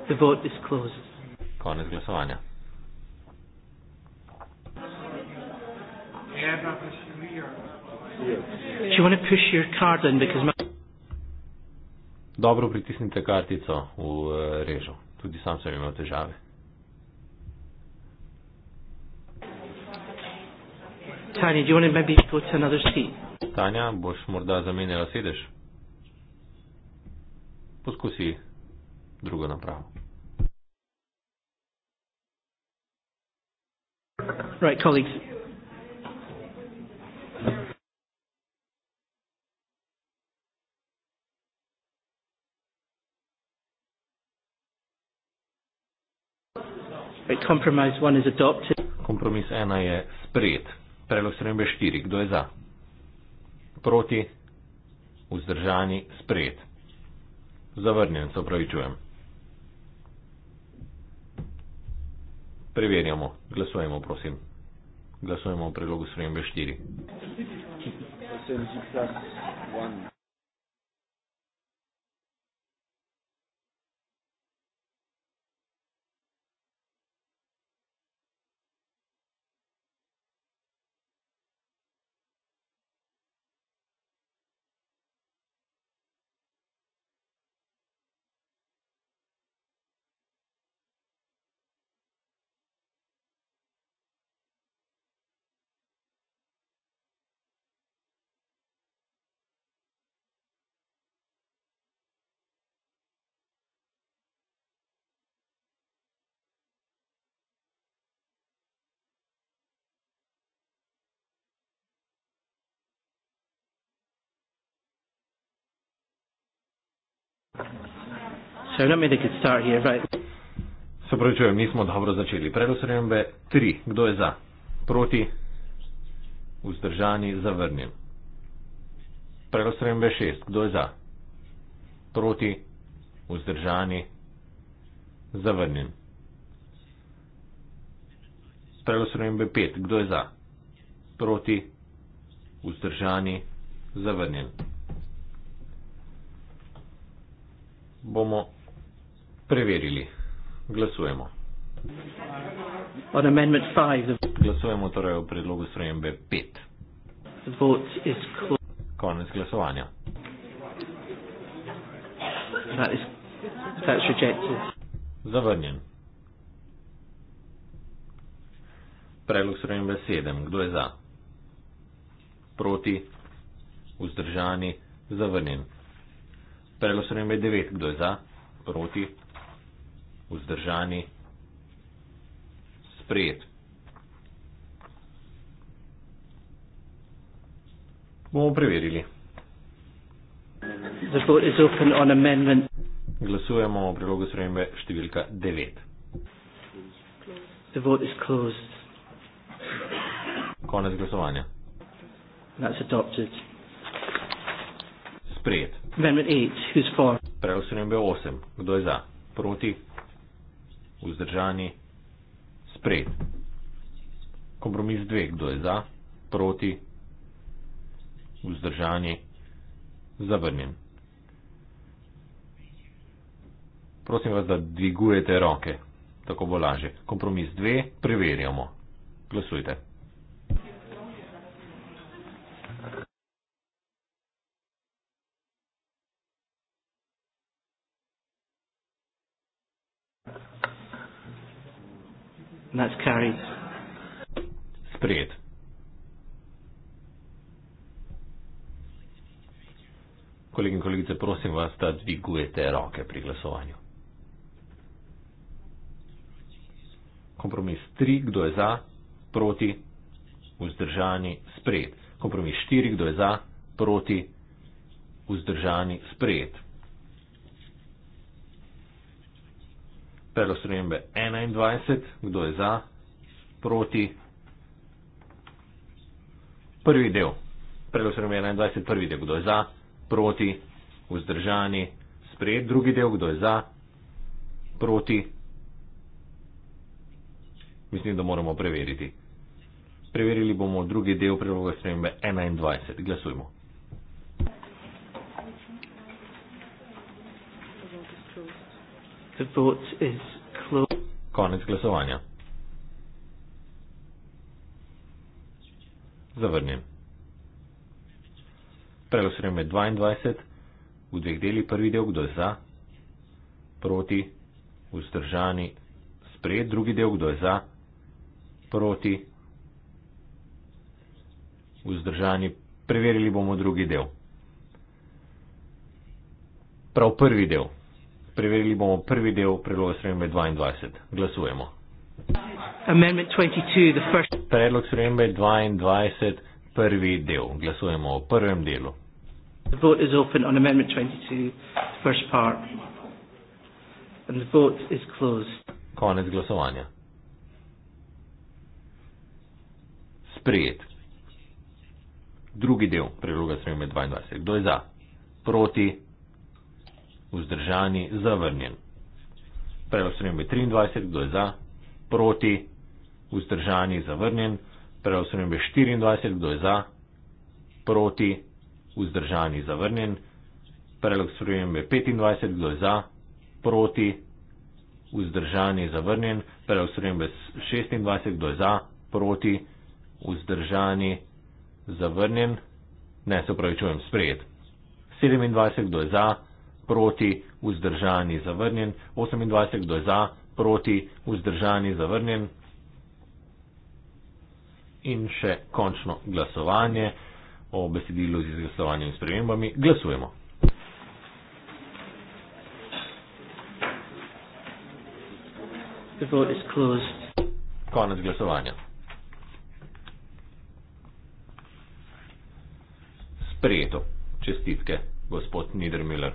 The vote is closed. Konec glasovanja. Dobro pritisnite kartico v eh, režo. Tudi sam sem imel težave. Tanya, do you want to maybe go to another seat? Tanya, boš morda zamenjala sedež? Poskusi drugo napravo. Right, colleagues. Compromise one is adopted. Kompromis ena je sprejet. Predlog spremembe 4. Kdo je za? Proti? Vzdržani? Sprejet? Zavrnjen, se upravičujem. Preverjamo. Glasujemo, prosim. Glasujemo o predlogu spremembe 4. Se pravi, če mi smo dobro začeli. Predlog sprejembe 3. Kdo je za? Proti? Vzdržani? Zavrnjen. Predlog sprejembe 6. Kdo je za? Proti? Vzdržani? Zavrnjen. Predlog sprejembe 5. Kdo je za? Proti? Vzdržani? Zavrnjen. Bomo preverili. Glasujemo. Glasujemo torej o predlogu strojembe 5. Konec glasovanja. That is, Zavrnjen. Predlog strojembe 7. Kdo je za? Proti? Vzdržani? Zavrnjen. Predlog strojembe 9. Kdo je za? Proti? vzdržani, sprejet. Bomo preverili. Glasujemo o prilogu sprejembe številka 9. The vote is closed. Konec glasovanja. That's adopted. Sprejet. Amendment 8. Who's for? Prelog sprejembe 8. Kdo je za? Proti? vzdržani, spred. Kompromis dve, kdo je za, proti, vzdržani, zavrnjen. Prosim vas, da dvigujete roke, tako bo lažje. Kompromis dve, preverjamo. Glasujte. and that's carried. Sprejet. Kolegi in kolegice, prosim vas, da dvigujete roke pri glasovanju. Kompromis 3, kdo je za, proti, vzdržani, sprejet. Kompromis 4, kdo je za, proti, vzdržani, sprejet. Predlog spremembe 21. Kdo je za? Proti? Prvi del. Predlog spremembe 21. Prvi del. Kdo je za? Proti? Vzdržani? Sprejet. Drugi del. Kdo je za? Proti? Mislim, da moramo preveriti. Preverili bomo drugi del predloga spremembe 21. Glasujmo. The vote is closed. Konec glasovanja. Zavrnjen. Preglasujem med 22 v dveh deli. Prvi del, kdo je za, proti, vzdržani, sprejet. Drugi del, kdo je za, proti, vzdržani. Preverili bomo drugi del. Prav prvi del. Preverili bomo prvi del predloga sprejembe 22. Glasujemo. Predlog sprejembe 22, prvi del. Glasujemo o prvem delu. The vote is open on Amendment 22, the first part. And the vote is closed. Konec glasovanja. Sprejet. Drugi del predloga sprejme 22. Kdo je za? Proti? vzdržani, zavrnjen. Preostanem je 23, kdo je za, proti, vzdržani, zavrnjen. Preostanem je 24, kdo je za, proti, vzdržani, zavrnjen. Predlog sprejem je 25, kdo je za, proti, vzdržani, zavrnjen. Predlog sprejem je 26, kdo je za, proti, vzdržani, zavrnjen. Ne se upravičujem, sprejet. 27, kdo je za, proti, vzdržani, zavrnjen, 28, kdo je za, proti, vzdržani, zavrnjen. In še končno glasovanje o besedilu z izglasovanjem in spremembami. Glasujemo. Konec glasovanja. Sprejeto. Čestitke, gospod Niedermüller.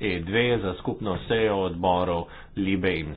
E2 za skupno sejo odborov Libe in